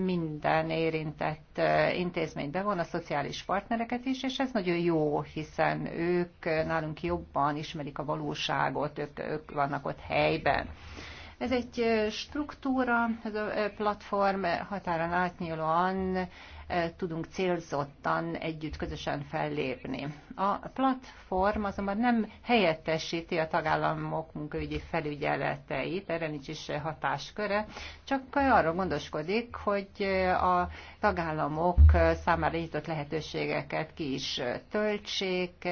minden érintett intézmény bevon, a szociális partnereket is, és ez nagyon jó, hiszen ők nálunk jobban ismerik a valóságot, ők, ők vannak ott helyben. Ez egy struktúra, ez a platform határon átnyúlóan tudunk célzottan együtt közösen fellépni. A platform azonban nem helyettesíti a tagállamok munkaügyi felügyeleteit, erre nincs is hatásköre, csak arra gondoskodik, hogy a tagállamok számára nyitott lehetőségeket ki is töltsék,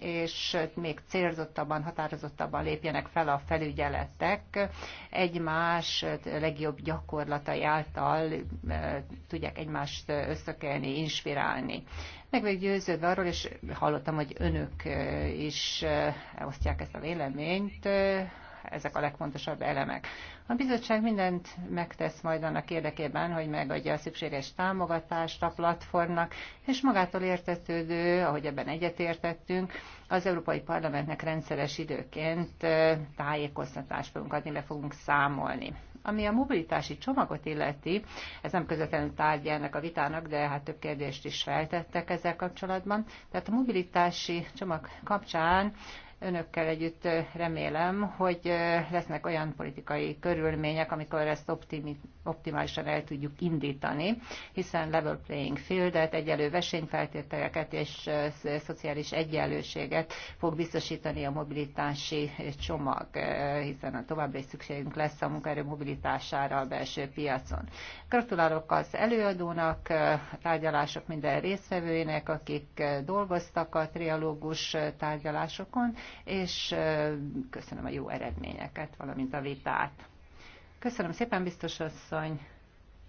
és még célzottabban, határozottabban lépjenek fel a felügyeletek, egymás legjobb gyakorlatai által eh, tudják egymást összekelni, inspirálni. Meg vagy győződve arról, és hallottam, hogy önök is elosztják ezt a véleményt, ezek a legfontosabb elemek. A bizottság mindent megtesz majd annak érdekében, hogy megadja a szükséges támogatást a platformnak, és magától értetődő, ahogy ebben egyetértettünk, az Európai Parlamentnek rendszeres időként tájékoztatást fogunk adni, le fogunk számolni. Ami a mobilitási csomagot illeti, ez nem közvetlenül tárgya ennek a vitának, de hát több kérdést is feltettek ezzel kapcsolatban. Tehát a mobilitási csomag kapcsán Önökkel együtt remélem, hogy lesznek olyan politikai körülmények, amikor ezt optimi, optimálisan el tudjuk indítani, hiszen level playing fieldet, egyelő versenyfeltételeket és szociális egyenlőséget fog biztosítani a mobilitási csomag, hiszen a további szükségünk lesz a munkaerő mobilitására a belső piacon. Gratulálok az előadónak, a tárgyalások minden résztvevőjének, akik dolgoztak a trialógus tárgyalásokon, és köszönöm a jó eredményeket, valamint a vitát. Köszönöm szépen, biztos asszony.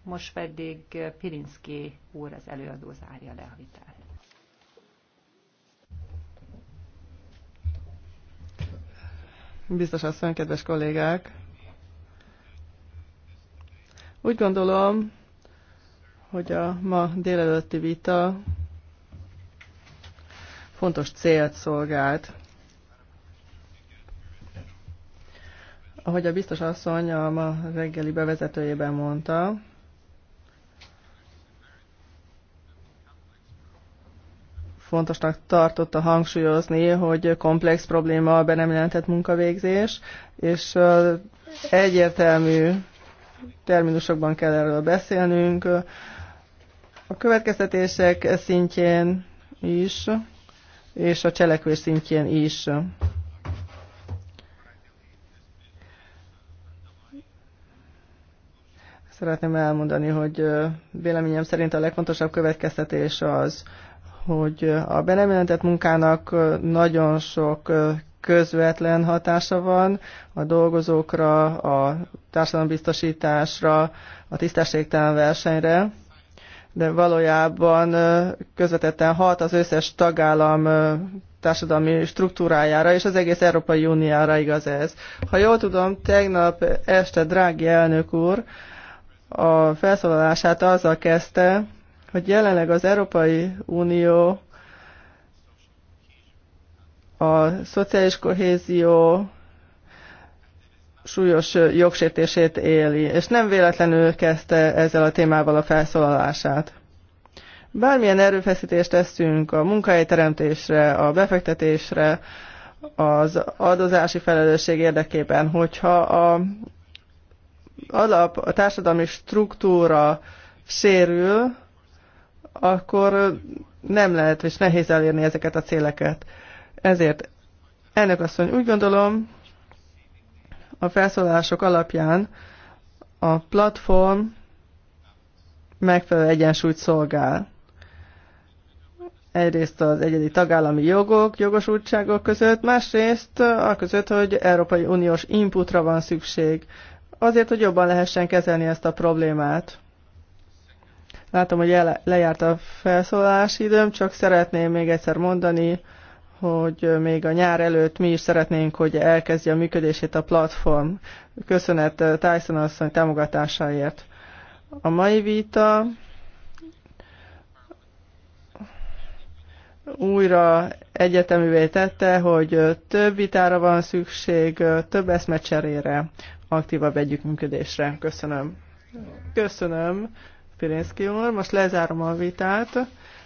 Most pedig Pirinszki úr, az előadó zárja le a vitát. Biztos asszony, kedves kollégák! Úgy gondolom, hogy a ma délelőtti vita fontos célt szolgált. Ahogy a biztos asszony a ma reggeli bevezetőjében mondta, fontosnak tartotta hangsúlyozni, hogy komplex probléma a be nem jelentett munkavégzés, és egyértelmű terminusokban kell erről beszélnünk. A következtetések szintjén is, és a cselekvés szintjén is. szeretném elmondani, hogy véleményem szerint a legfontosabb következtetés az, hogy a be nem jelentett munkának nagyon sok közvetlen hatása van a dolgozókra, a társadalombiztosításra, a tisztességtelen versenyre, de valójában közvetetten hat az összes tagállam társadalmi struktúrájára, és az egész Európai Uniára igaz ez. Ha jól tudom, tegnap este, drági elnök úr, a felszólalását azzal kezdte, hogy jelenleg az Európai Unió a szociális kohézió súlyos jogsértését éli, és nem véletlenül kezdte ezzel a témával a felszólalását. Bármilyen erőfeszítést teszünk a munkahelyteremtésre, a befektetésre, az adózási felelősség érdekében, hogyha a alap, a társadalmi struktúra sérül, akkor nem lehet és nehéz elérni ezeket a céleket. Ezért ennek asszony úgy gondolom, a felszólások alapján a platform megfelelő egyensúlyt szolgál. Egyrészt az egyedi tagállami jogok, jogosultságok között, másrészt a között, hogy Európai Uniós inputra van szükség azért, hogy jobban lehessen kezelni ezt a problémát. Látom, hogy lejárt a felszólalási időm, csak szeretném még egyszer mondani, hogy még a nyár előtt mi is szeretnénk, hogy elkezdje a működését a platform. Köszönet eh, Tyson asszony támogatásáért. A mai vita újra egyeteművé tette, hogy több vitára van szükség, több eszmecserére aktívabb együttműködésre. Köszönöm. Köszönöm, Pirinszki úr. Most lezárom a vitát.